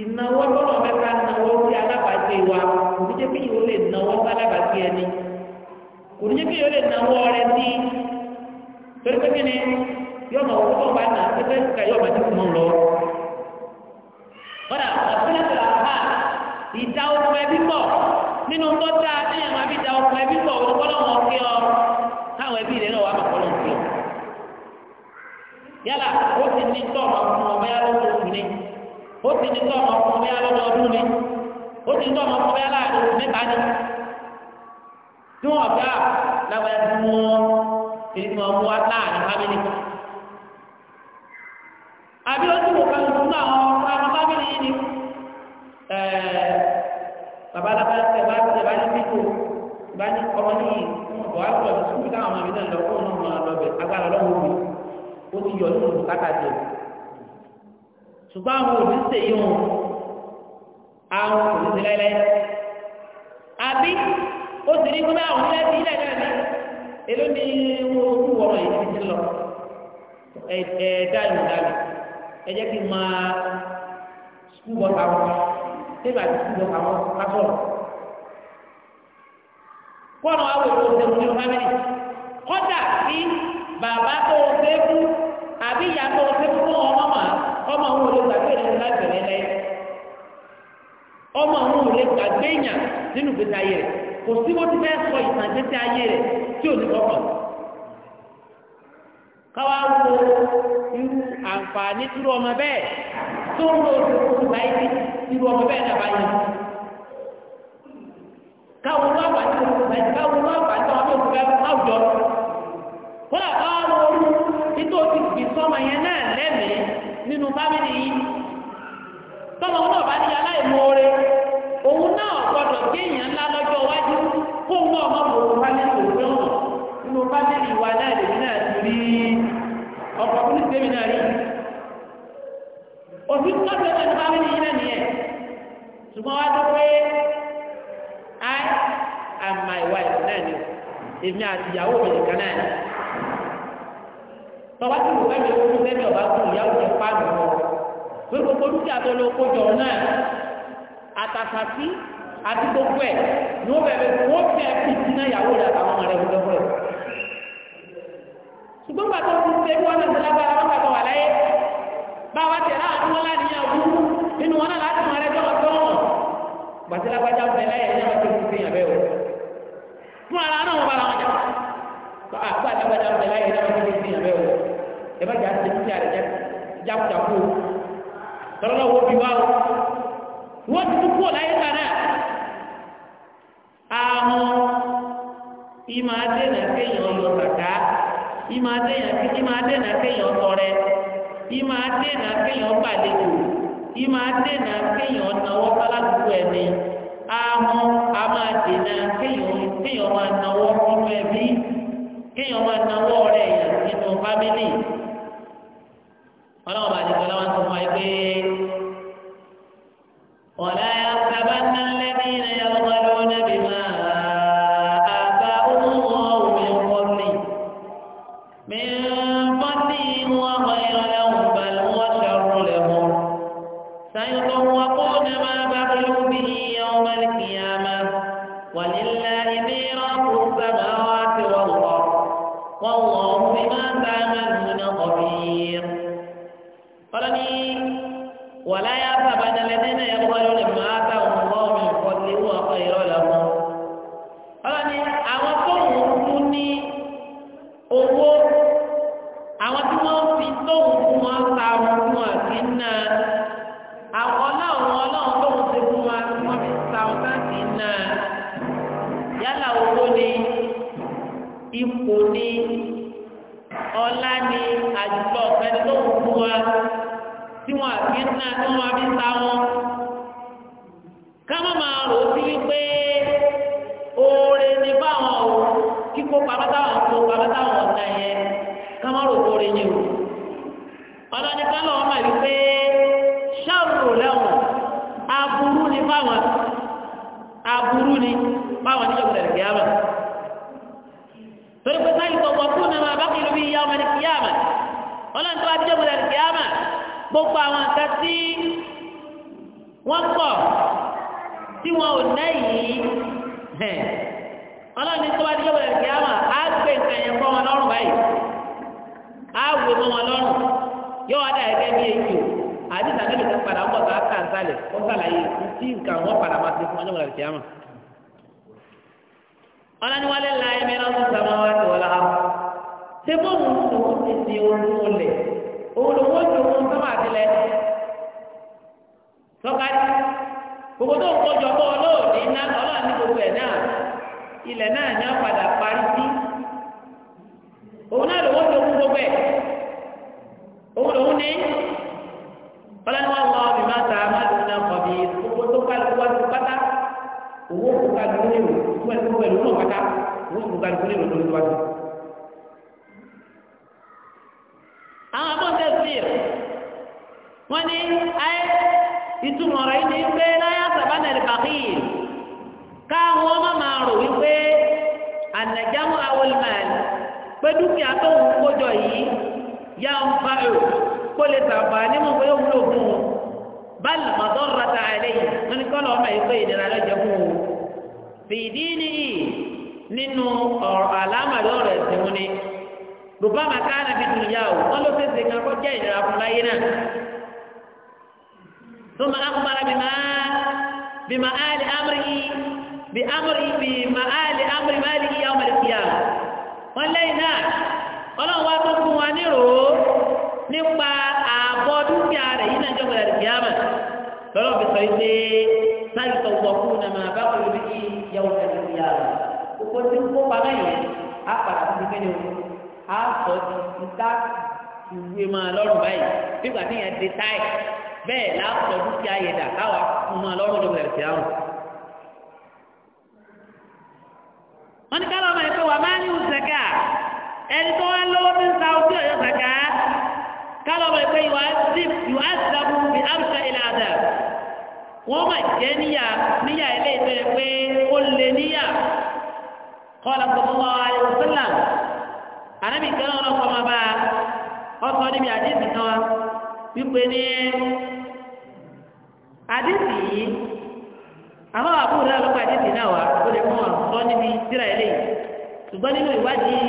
ìnáwó lọ́nà mẹ́ta náwó sí alábàáṣe wa kò ní jẹ́ kí yóò lè náwó sí alábàáṣe ẹni kò ní jẹ́ kí yóò lè náwó rẹ sí torí pé kí ni yóò mọ̀ wọ́n bá nà pípẹ́ ká yóò máa ti kùn lọ. kọ́dà ọ̀pẹ́lẹ́pẹ́ àbá ìdá okùn ẹbí pọ̀ nínú tọ́ta ẹ̀yàn máa fi ìdá okùn ẹbí pọ̀ olùkọ́lọ́wọ́ kí ọ káwọn ẹbí rẹ̀ náà wà ó ti ní tọ́ ọmọ fún bóyá ni ó ti ní tọ́ ọmọ fún bóyá láàrin ni tí wọ́n lábẹ́ ti wọ́n mú wá láàrin fámìlì. àbí ó ti wò kan àwọn fámìlì yìí ni bàbá bá ní pípò bá ní ọmọ táwọn ọmọ mi náà lọ fún ọmọ ṣùgbọ́n àwọn òbí ṣe yí wọn àwọn òbí ṣe láíláí àbí ó sì ní kó bá àwọn ilé ilé náà ní èló ni wọn ó kú wọ̀rọ̀ yìí ti lọ ẹ ẹ dáàlú dáàlú ẹ jẹ́ kí n máa sukúù bọ́ sáwọn tẹ́lẹ̀ àti sukúù bọ́ sáwọn kásọ̀rọ̀ kọ́nà àwọn òbí ṣe wọn ní fámìlì. gbàgbé èèyàn nínú gbèsè ayé rẹ̀ kò sí wọ́n ti fẹ́ sọ ìtàn gbèsè ayé rẹ̀ tí ò ní kọ́kàn. káwá wo irú àǹfààní irú ọmọ bẹ́ẹ̀ tó ń lo oṣù báyìí irú ọmọ bẹ́ẹ̀ náà báyìí. káwo wá wà ní oṣù báyìí káwo wá wà ní ọmọ oṣù báyìí káwùjọ. kódà káwá wo orú nítorí ti sọmọ yẹn náà lẹ́mìí nínú fámìlì yìí tọ́mọ náà bá ní aláìmoore gbọdọ̀ gé ńlá lọ́jọ́ iwájú kó ń náà mọ̀ òun pálẹ́lì òun náà nínú pálẹ́lì ìwà náà lèmi náà ti rí ọ̀pọ̀ fúnni tèmi òfin tọ́jú ẹ̀ka tó bá rí nìyí nìyẹn ṣùgbọ́n wá tó pé I am my wife náà ni èmi àti ìyàwó mi nìkan náà ni. tọ́wá tí mo fẹ́ mi kú sẹ́mi ọ̀bá kú ìyàwó mi pààlù wọn pé gbogbo dúkìá tó náà àtàkàtì àti gbogbo ẹ̀ ní wọ́n bẹ̀rẹ̀ wọ́n fẹ́ fìtínà ìyàwó rẹ̀ àtàwọn ọmọ rẹ̀ gbogbo rẹ̀ ṣùgbọ́n pàtó ti ṣe bí wọ́n náà ti lágbára wọ́n pàtó wà láyé bá wa tẹ̀lé àwọn àdúgbò láti yàn wú nínú wọn náà láti mọ ẹrẹ jọ̀wọ́ tó wọn gbàtí lágbájá bẹ̀ láyé ní àwọn tó ti ṣe yàn bẹ́ẹ̀ o fún ara náà wọn bá làwọn jà àgbà lágbájá bẹ̀ láyé ní àwọn tó ti ṣe yàn bẹ́ẹ̀ o ẹ bá jà ṣe ti àrẹ jákujàku lọ́lọ́wọ́ bí wọ́n ti kúkú ọ̀láyé kanáà àrùn ìmọ̀ adéna kéèyàn lọ kàkà ìmọ̀ adéna kéèyàn tọrẹ ìmọ̀ adéna kéèyàn gbàlejò ìmọ̀ adéna kéèyàn náwó káládùúgbò ẹni àrùn àmọ̀ adéna kéèyàn máa ọlọ́ni wálé la ẹ̀mí náà tó sàmọ́ wá sí wọlé hàn ṣé bó ń sọ ti di ohun olè òun ló wọ́n ju ohun sọ́mọ́ àtìlẹ́ sọ́kàtì gbogbo tó ń kọjọ bọ́ ọlọ́ọ̀ni iná ọlọ́ọ̀ni gbogbo ẹ̀ náà ilẹ̀ náà ní ọ̀padà parí sí òun náà ló wọ́n ohun gbogbo ẹ̀ òun lòun ní ọlọ́ni wọn wọ́n mi máa ta máa lòun náà kọ̀ bí gbogbo tó kálukú wá sí pátá owó kúkà ló lè lò fún ẹni gbogbo ẹni náà pátá owó kúkà ló lè lò lórí wa tó. àwọn abọ́ǹdẹ̀ sílẹ̀ wọ́n ní ayé ìtumọ̀ ọ̀rọ̀ yìí ni pé láyà sábàánà ìbàkìyì káwọn ọmọ máa rò wípé ànàjáwọ́ awolmàlì pé dúkìá tó ń kójọ yìí yá ń fa èrò kó lè sàǹfà nímọ̀ pé ó wúlò fún un báyìí mọ̀tọ́ rata àlẹ́ yìí wọ́n ní kọ́lọ́ ọmọ yìí pé lọ́jọ́ fún un fìdí nìyí nínú ọ̀rọ̀ àlámàrí ọ̀rọ̀ ẹ̀sìn wọn ni bùbá màkà nàbí dùnyà o wọn ló fẹsẹ̀ kan kọjá ìnira fún láyé náà tó máa ń bára bí máa bí máa àlè amúrí bí amúrí bí máa àlè amúrí máa lè yíyá ọmọdé fìyà wọn lẹ́yìn náà ọlọ́run wá tó fún wa nírò nípa ààbọ̀ dúkìá rẹ̀ yìí náà jọ́ gbọ́dọ̀ fìyà mọ́ lọ́rọ̀ fi sọ yìí pé sáyì tó wọ̀ fún un máa bá wọlé bí yàwó tẹ̀lé ní yàrá gbogbo tí ń kópa mẹ́yìn á padà sí kíni o á sọ ti dá ìwé máa lọ́rùn báyìí nígbà tí yẹn ti táì bẹ́ẹ̀ láàpọ̀ dúkìá yẹn dà káwa fún máa lọ́rùn ló bẹ̀rẹ̀ sí àwọn. wọ́n ní ká lọ́mọ ẹ̀ pé wà máa ń yún zaka ẹni tó wá lówó kálọ̀ wọ̀ pé yóò azabu bí amsa ilẹ̀ àdá wọ́n ma jẹ́ níyà níyà ilé ìtọ́ pé ó lè níyà kọ́lá sọ̀tọ́lọ́ ayọ̀sọ́là anábì kẹ́lọ́ ọ̀rọ̀ kọ́ máa bá ọ̀sọ́ níbi àdéhùn kan wípé ní àdéhùn yìí àwọn àbúrò náà náà ó lè mú níbi ilé ṣùgbọ́n nínú ìwádìí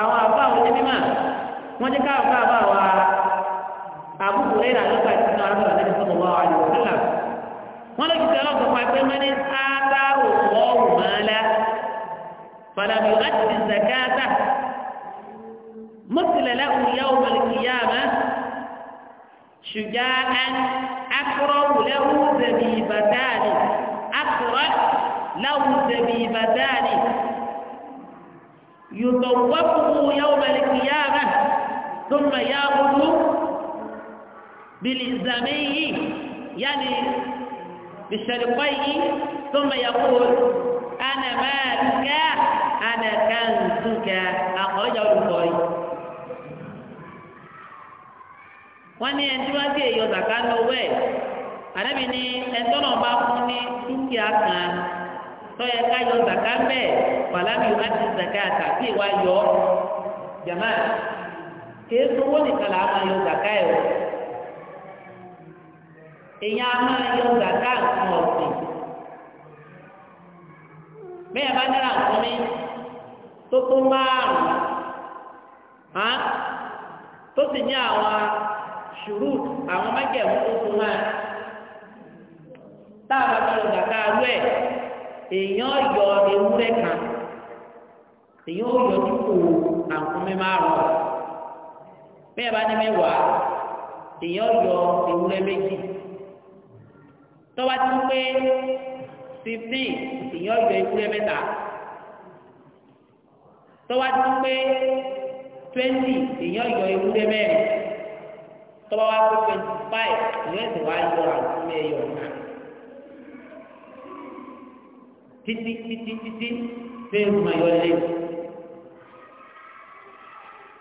àwọn àwọn wọ́n jẹ́ káàkó àbá wa àbúkù rẹ̀ lọ́gbà ìsinmi arábìnrin lẹ́yìn tó lọ́wọ́ àyẹ̀wò sílẹ̀ wọ́n lè fi tẹ́lọ̀ gbọ́pá pé mẹ́ni sáátá òwò mọ́lá fàlàbí láti fi zakata yá lè kìyà òmàlìkìyàmá ṣùgbọ́n akọrọ̀ wùlẹ̀ wùzẹ̀bì ìbàdáàdì akọrọ̀ láwùzẹ̀bì ìbàdáàdì yòtọ̀ lè kìyà òmàlìkìyàmá ثم يأخذ بالإلزامي يعني بالشرطين ثم يقول أنا مالك أنا كنزك أخرجه البخاري wọ́n ní ẹni tí wọ́n ti èyọ zaka lọ́wọ́ ẹ̀ àdàbí ni ẹ̀tọ́nà bá fún ní dúkìá kan tọ́yẹ ká yọ zaka bẹ́ẹ̀ wàlámì wọ́n ti zaka tàbí ìwà yọ jama kìí sanwó nìkan là á máa yọ zàká ẹ̀ wọ̀ èèyàn á máa yọ zàká nǹkan ọ̀sìn bẹ́ẹ̀ bá dára nǹkan mi tó tó márùn-ún tó sì ní àwọn ṣùrù àwọn májẹ̀mú tó tó máa tá a bá yọ zàká rú ẹ̀ èèyàn yọ ewúrẹ́ kan èèyàn ó yọ dípò àǹkúnmí márùn-ún bẹ́ẹ̀ bá ní mẹ́wàá èèyàn yọ ewúrẹ́ méjì tọ́wá ti pé fifteen èèyàn yọ ewúrẹ́ mẹ́ta tọ́wá ti pé twenty èèyàn yọ ewúrẹ́ mẹ́rin tọ́wá wá pé twenty five èèyàn ẹ̀sìn wá yọ àtúnmí ẹ̀yọ̀ náà títí títí títí fẹ́ẹ́ mú ayọ̀ lẹ́yìn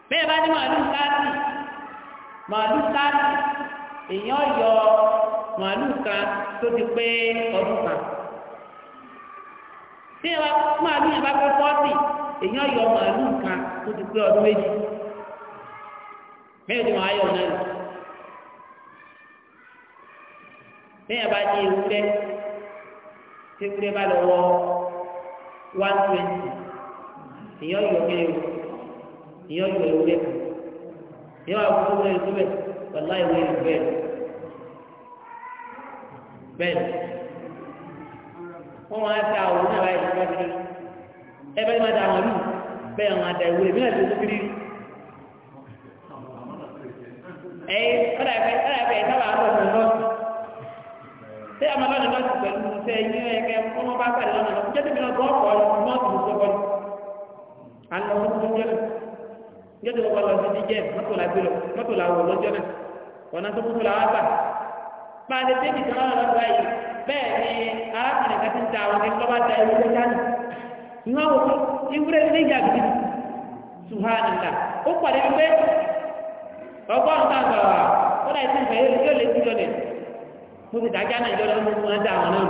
bẹ́ẹ̀ bá ní màálù táàtì màálù táàtì èèyàn yọ màálù kan tó ti pé ọdún kan tí màálù yẹn bá pé fọ́ọ̀tì èèyàn yọ màálù kan tó ti pé ọdún méjì bẹ́ẹ̀ ni wọ́n yọ náà bẹ́ẹ̀ bá ní ewúrẹ́ tí ewúrẹ́ bá lọ wọ one twenty èèyàn yọ kéré ìyá ọ̀pọ̀ ewúrẹ́ kan ìyá ọ̀pọ̀ ewúrẹ́ yìí síbẹ̀ pẹ̀lú àìwé rẹ̀ bẹ́ẹ̀ bẹ́ẹ̀ wọ́n máa ta àwọn náà láì lọ́wọ́ sí ẹ bẹ́ẹ̀ máa ta àwọn lù bẹ́ẹ̀ àwọn àdá ìwúrẹ́ bí náà ti tó kiri ẹ ọ̀dà ẹ̀fẹ̀ ọ̀dà ẹ̀fẹ̀ ẹ̀ sábà ń lọ sí lọ́sì tí a máa lọ́nà lọ́sì pẹ̀lú ṣe yín ẹ̀kẹ́ fọ́nmọ́ bá pẹ̀lú lọ́nà lọ́sì jẹ́ tẹ̀mí lọ́sì ọ̀pọ̀ lọ́sì lọ́sì lọ́sì alọ ọdún tó jẹlẹ níjọ́ tó bá lọ sí jíjẹ́ mọ́tò la gbé lọ mọ́tò la wò lọ́jọ́ náà ọ̀nà tó kúkú la wá gbà. máa lè débi kan lọ́wọ́ lọ́wọ́ báyìí bẹ́ẹ̀ ni arákùnrin kan ti ń ta àwọn ẹni lọ́wọ́ da ewu lọ́jà nù. ìwọ́n wò ó ìwúrẹ́ ní ìyá gidi suhanila ó pàdé pé ọgọ́rùn-ún náà gbà wá ó láì sí ìfẹ́ yóò lé sí lọ́lẹ̀ mo ti dájá náà ìjọba mo máa ń da àwọn náà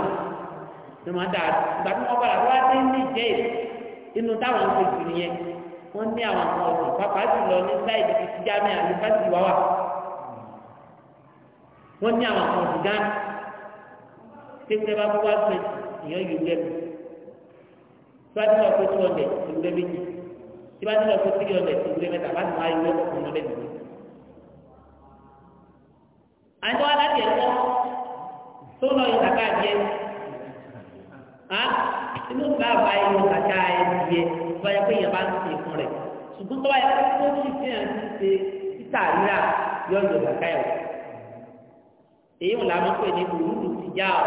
mo máa da àgbà wọ́n ní àwọn ọmọ ọ̀sìn pàápàá jùlọ ní sáìdì fífi jámẹ́ àlùfáàsì wá wà wọ́n ní àwọn ọmọ ọ̀sìn gán tẹ́tẹ́ bá bá wá pé èèyàn yóò gbẹ mi tí wọ́n ti lọ pé two hundred ti gbẹ méjì tí wọ́n ti lọ pé three hundred ti gbẹ mẹ́ta bá ti máa yọ ọkùnrin lẹ́nu mi. àjọ alájẹ tó lọ ìtàkà jẹ á inú bá bá inú kàtà ẹdìyẹ tó bá yẹ pé yẹn bá ń ṣe fún rẹ ṣùgbọ́n tó bá yẹ kó sì fi hàn sí ṣe títà rírà yọ yọ kàkà ẹ̀ èyí wọn làwọn pè ní olùdó ti já ọ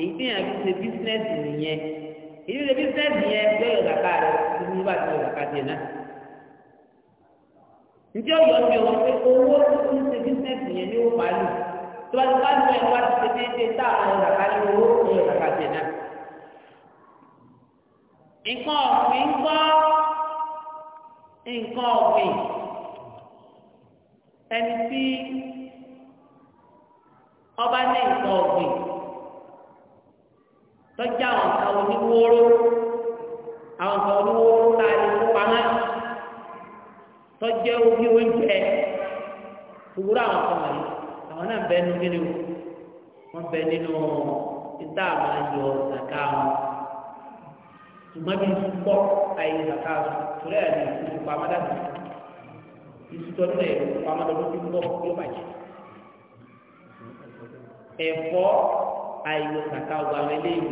èyí tí yẹn fi ṣe bísínẹ́sì nìyẹn èyí ṣe bísínẹ́sì yẹn yọ yọ kàkà rẹ tó ní bá ti yọ kàkà tiẹ̀ náà njẹ ọyọ ọbẹ wọn pé owó tó ń ṣe bísíǹsì yẹn ní ó bá lù tó bá ti bá lù ẹ nǹkan ọ̀gbìn ń kọ́ nǹkan ọ̀gbìn ẹni tí ọba ní nǹkan ọ̀gbìn tọ́jà nǹkan oníwóró àwọn nǹkan oníwóró tá a lè kó pamọ́ tọ́jà ojú oúnjẹ ìwúrọ̀ àwọn kan wọ̀nyí àwọn náà bẹ́ẹ̀ nínú kíni o wọ́n bẹ́ẹ̀ nínú ìta àmàlẹ́ yọ ọ̀sán ṣùgbọ́n bí pọ̀ àyè zaka torí àyè ìfúnpá amádàbí ìsútọ́jú náà ìfúnpá amádàbí ti pọ̀ yóò bàjẹ́ ẹ̀fọ́ àyè zaka wà lẹ́lẹ́yìn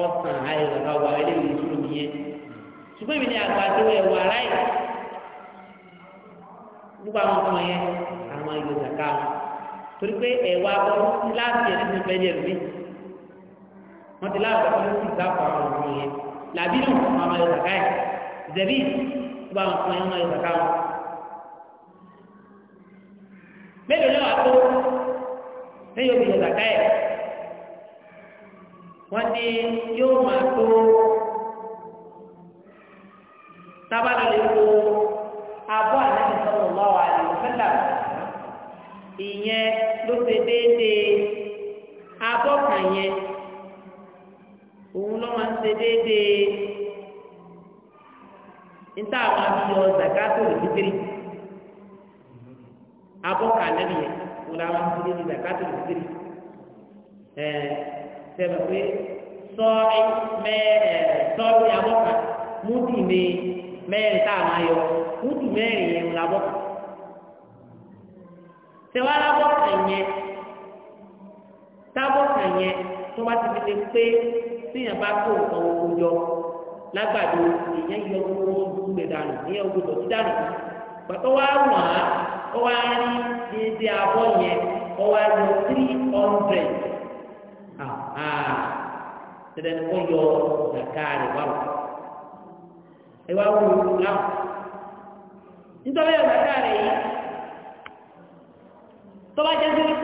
ọ̀sán àyè zaka wà lẹ́lẹ́yìn ìṣúlù nìyẹn ṣùgbọ́n èmi ni àgbàdo ẹ̀wà ráì gbogbo àwọn ọmọ yẹn àwọn àyè zaka torí pé ẹ̀wà bọ́ láti ẹ̀ wọ́n ti láàbà tó lóṣù ìdáàbò àwọn ọmọ yẹn làbí náà fún ọmọ yẹn zaka yẹn zẹ̀bí tó bá wọn fún ọmọ yẹn zaka wọn. mélòó náà wà tó sẹ́yìn obì yẹn zaka yẹn wọ́n ní yóò máa tó tábàlù lè wo abọ́ àlẹ́ mi sọ̀rọ̀ lọ́wọ́ àlẹ́ ìfẹ́lá ìyẹn ló ṣe dé. ṣe déédéé níta àwọn abiyọ zakato lùfitiri abọ́ka lẹ́nu yẹn wọn làwọn ti déédéé zakato lùfitiri ẹ̀ sẹ́mi pé sọ́ọ̀rì mẹ́ẹ̀ sọ́ọ̀rì abọ́ka múdì mi mẹ́rin tá a máa yọ múdì mẹ́rin yẹn wọn làbọ́ka tẹ̀wá lábọ́ka yẹn tábọ́ka yẹn tó bá ti fi lè pé tíyàn bá tó nǹkan oko jọ lágbàdo èèyàn yọ owó ojú rẹ̀ dànù èèyàn owó dọ̀tí dànù pàtó wá wọ̀n á ó wá rí déédé abọ́ yẹn ó wá yọ three hundred tẹ̀lé ní kó yọ zaka wá wọ̀ ẹ wá wọ owó láwọ̀ nítorí yọ zaka yìí tó bá jẹ́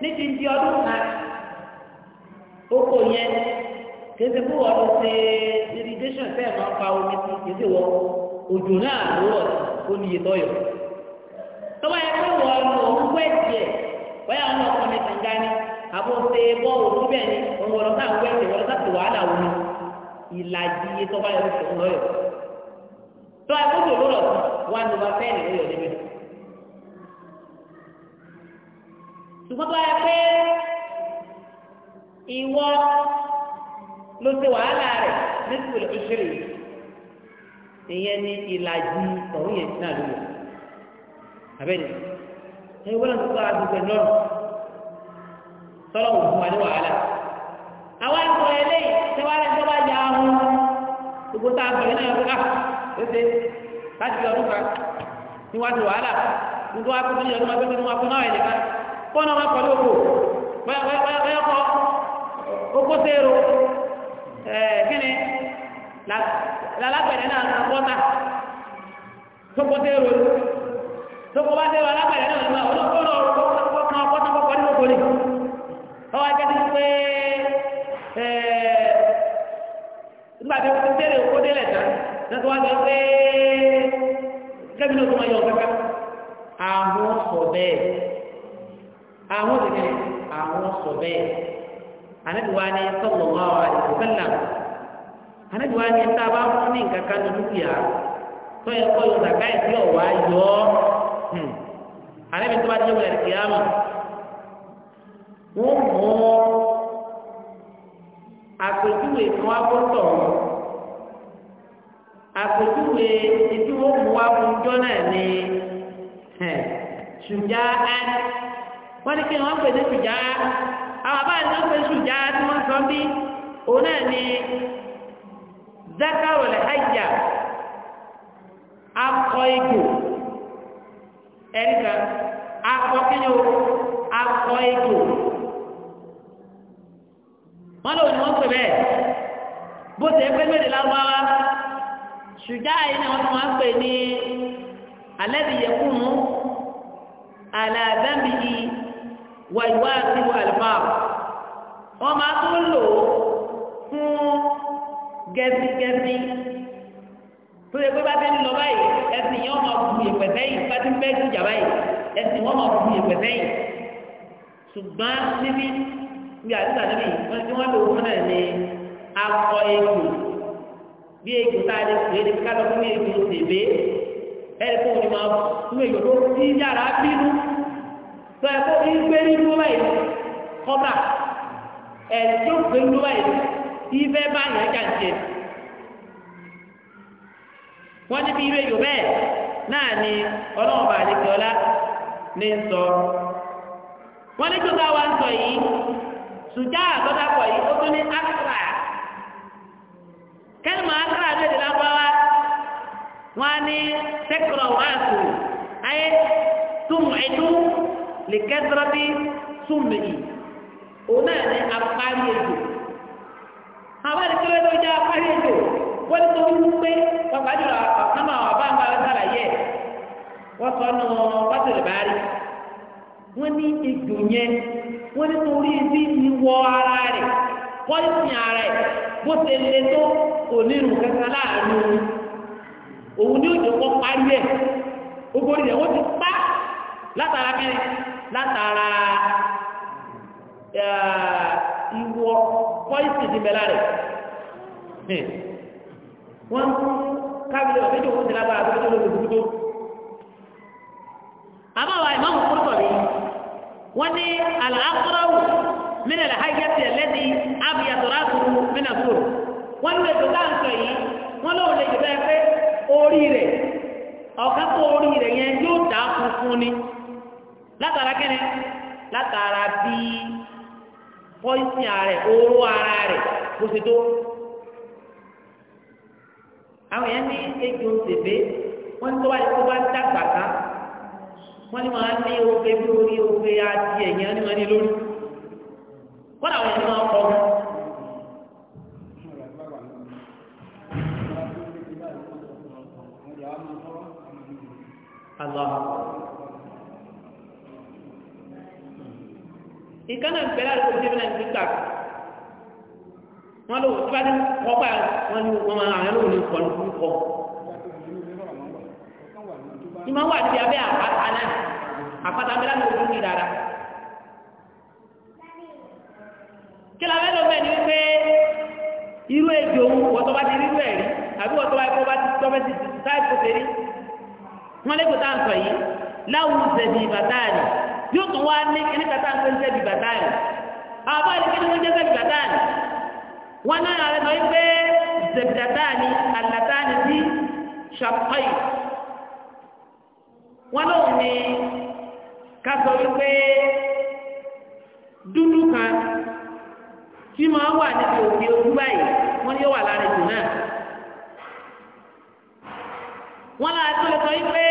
ní ti di ọdún kan kókó yẹn kéde kó wọ́n lọ ṣe irrigation fẹ́ẹ̀ máa fa omi sí kéde wọ́n òjò náà ló wọ̀ kó níye tọ́yọ̀ tọ́wọ́ yẹn pé wọ́n lọ òun wẹ̀ tiẹ̀ wọ́n yà wọ́n ọkọ̀ ní kànga ni àbò ṣe bọ́ọ̀lù tó bẹ̀ ni òun wọ̀ lọ́sà wẹ̀ tiẹ̀ wọ́n lọ́sà ti wàhálà wọn ìlàjì iye tọ́ba yẹn ló ṣe lọ́yọ̀ tọ́ àkójọ ló lọ sí wọn ló bá fẹ́ẹ̀ lè lọ́yọ̀ níbẹ̀ ṣùgbọ́n tó yẹ pé ìwọ ló ti wàhálà rẹ̀ nítorí ihe ìyẹn ní ìlàjì ọ̀hún yẹn náà na lò abẹ́ni wọ́n lọ́nà tó àdúgbò lọ́nà tọ́lọ̀ wa ní wàhálà àwọn tí wọ́n rẹ̀ gbogbo tá a sọ yìí náà ló ló láti fi ọdún kan ní wàá ti wàhálà ọdún wa okótéèrò kíni eh, lalápẹ̀rẹ̀ náà ní ọgọ́ta tókótéèrò tókóbátéèrò alápẹ̀rẹ̀ náà ní olókòrò ọkàn ọgọ́ta kọ́kọ́ nínú kòlì ọwọ́ ajẹ́sí pé nígbàtí okótéèrè okótéèrè tán lọ́tọ́ wá gbọ́ pé kẹ́mi náà tó máa yọ ọ̀kẹ́kẹ́ àwọn sọ bẹ́ẹ̀ àwọn sọ bẹ́ẹ̀ anabiwaani sallallahu alayhi wa sallam anabiwaani ẹta bá fún ní nǹkan kan nínú bíyà tó yẹ kó yọ zaka ẹsẹ ọwọ ayọ anabi tó bá dé wọlé kíámà wọn mú àpèjúwe kan wá bó tọ àpèjúwe ìdí wọn mú wá fún jọ náà hmm, ní ṣùjá ẹ wọn àwọn àbá ìlú pé ṣùjá tí wọ́n sọ bí òun náà ni zakarul hajja akọ ejò ẹnìkan akọ kíni o akọ ejò wọn lò ní wọn pè bẹ́ẹ̀ bó ṣe pé méjì lágbára ṣùjá yìí ni wọn tún wọn pè ní alẹ́ ti yẹ kúnnú àlàbẹ́bí yìí wà ìwà àti wà àlùfáà wọ́n máa tó lò ó fún gẹ́sígẹ́sí tó yẹ pé bá ti ń lọ báyìí ẹsìn yẹn wọ́n máa bu ìpè sẹ́yìn bá ti ń bẹ́ẹ̀ jújà báyìí ẹsìn wọ́n máa bu ìpè sẹ́yìn ṣùgbọ́n níbi bí àtúntà níbi wọ́n ti wọ́n lò ó fún ní akọ egbò bí egbò tá a lè pè é ní kálọ́ fún egbò tèbé ẹ̀ kó o ní máa fún egbò tó ti yára bínú tó ẹ kó ìgbé nínú báyìí kọ́bà ẹ̀ẹ́dẹ́gbẹ́ gbé nínú báyìí ìfẹ́ bá yẹn jàǹtẹ̀. wọ́n ní bí irú èyò bẹ́ẹ̀ náà ni ọlọ́run bá àlejò ọlá ní ń sọ. wọ́n ní gbogbo àwa ń sọ yìí sùjá àtọ́dàpọ̀ yìí ó tún ní akra kẹ́lìmọ̀ akra ní èdè lábáwá wọ́n á ní sẹ́kọ̀rọ̀ wáàsù ayé túmù ẹ̀dú lè kẹ́tọ́rọ́ bí súnmì yìí òun náà ní apárí èdò àwọn àdìsílẹ̀ tó jẹ́ apárí èdò wọ́n ti tóbi wú pé ọ̀pá jùlọ ọ̀nàmà ọ̀bá ń bá wọn sàlàyé ẹ̀ wọ́n sọ nù wọ́n tẹ̀lé bá rí wọ́n ní èdò yẹn wọ́n ní torí ibi ní wọ́ ara rẹ̀ pọ́ìsì ara ẹ̀ bó ṣe lè tó onírun kankan láàrin òun òun ní òjò kọ́ parí ẹ̀ gbogbo ìyẹn wọ́n ti pa látara kẹrin. látara eh, ìwọ pọ́ìsì ti mẹ́lá rẹ̀ wọ́n kábílẹ̀ ọ̀fẹ́jọ́ òun ti lágbára tó tó lórí òkútó àbáwá ìmáàmù kúrúkọ̀ rí wọ́n ní àlàáfúráwù mínà làhájẹ́tì ẹ̀lẹ́dì ábìyàtọ̀rátùrù mínà fúrù wọ́n yìí wọ́n lè jù bẹ́ẹ̀ pé orí rẹ̀ orí rẹ̀ yẹn yóò dá funfun ni látara kíni látara bí pọ́ìsìn ààrẹ oró ara rẹ̀ kó ṣe tó àwọn yẹn ní ejò ṣèbé wọ́n ní tó wáyé tó bá dàgbà kan wọ́n ní máa ní oge bí orí oge adìẹ yẹn ni wọ́n ní lórí wọ́n làwọn yẹn máa kọ́ wọn. Allah. ìkànnà ń bẹ̀rẹ̀ àdúgbò tí ìbílẹ̀ ń fi gbà wọn lò tí wọn kọ́ bá wọn ní wọn máa àwọn ẹlòmíràn kọ́ ní kú kọ́. ìmọ̀ wà ní abẹ́ àpáta náà àpáta bẹ́ẹ̀ láti ojú mi dára. kí la fẹ́ lọ bẹ́ẹ̀ wípé irú èdè òun wọ́n bá ti rí rẹ̀ rí àbí wọ́n tó bá kó bá ti tọ́ bẹ́ẹ̀ ti ti táìpù tẹ̀lé wọn lé kó tá à ń sọ yìí láwùjọ ìbàdàn yóò tún wá ní kíní kata ń pèsè bí bàtà yìí àwọn àti kíní wọn jẹ́sẹ̀ bí bàtà yìí wọn náà rẹ̀ lọ pé zèbìtàtà ni àlàtà ni sí ṣàpọ̀yì wọn lóun ní kásọ wípé dúdú kan tí máa wà níbi òkè ojú báyìí wọn yóò wà lára ìlú náà wọn náà tó lè sọ wípé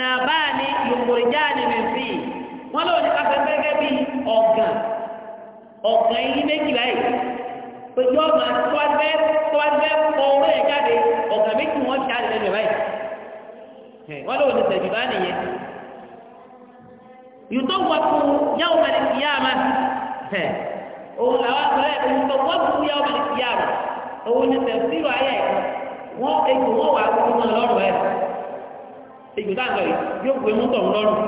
nàbáà ni yòkòrìjà ni mẹ́fì wọ́n lọ ní káfẹ́ gẹ́gẹ́ bí ọ̀gàn ọ̀gàn yìí méjìlá yìí pẹ̀lú ọ̀gàn tọ́wájú tọ́wájú kọ owó ẹ̀ jáde ọ̀gàn méjì wọ́n ti àlẹ́ lẹ́nu ẹ̀ báyìí wọ́n lọ ní sẹ̀dù bá nìyẹn yùtọ̀ wọ́n kú yàwó mẹ́rin kìí àmà òun làwọn àgbẹ̀rẹ̀ ẹ̀ yùtọ̀ wọ́n kú yàwó mẹ́rin kìí àmà òun ní sẹ̀dù ayẹ̀ wọ́n ètò wọ́n wà á kú mọ́ lọ́rùn ẹ̀ ètò táwọn yóò gbé mọ́tò lọ́rùn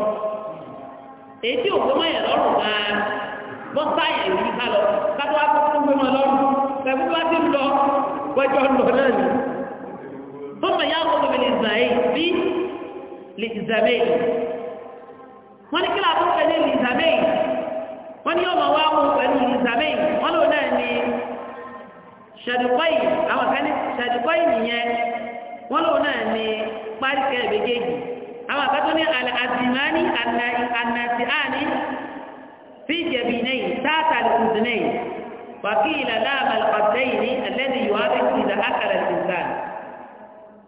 èyí tí òkú mọ̀yẹ̀ lọ́rùn gan-an bọ́ sáyẹ̀ yìí ká lọ kátó wá kó tó gbé mọ́ lọ́rùn pẹ̀lú bá ti lọ wẹ́jọ́ lọ náà ni. tó mọ̀ yá ọkọ̀ mi lè zà é bí lè zàmé wọ́n ní kílà tó pẹ̀lú lè zàmé wọ́n ní ọmọ wa mú pẹ̀lú lè zàmé wọ́n lò náà ni ṣàdùkọ́yì àwọn kan ní ṣàdùkọ́yì nìyẹn wọ́n náà ni páríkẹ́ méjèèjì àwọn àkàtọ́ ní àdìmánì ànàtìáni fi jẹ̀bìnẹ́yì táàtà lùkùdìnẹ́yì wàkìlà láàmà lùkàdẹ́yì ní ẹlẹ́dì yóò wáá fi ìdá àkàrà ìsìnkàn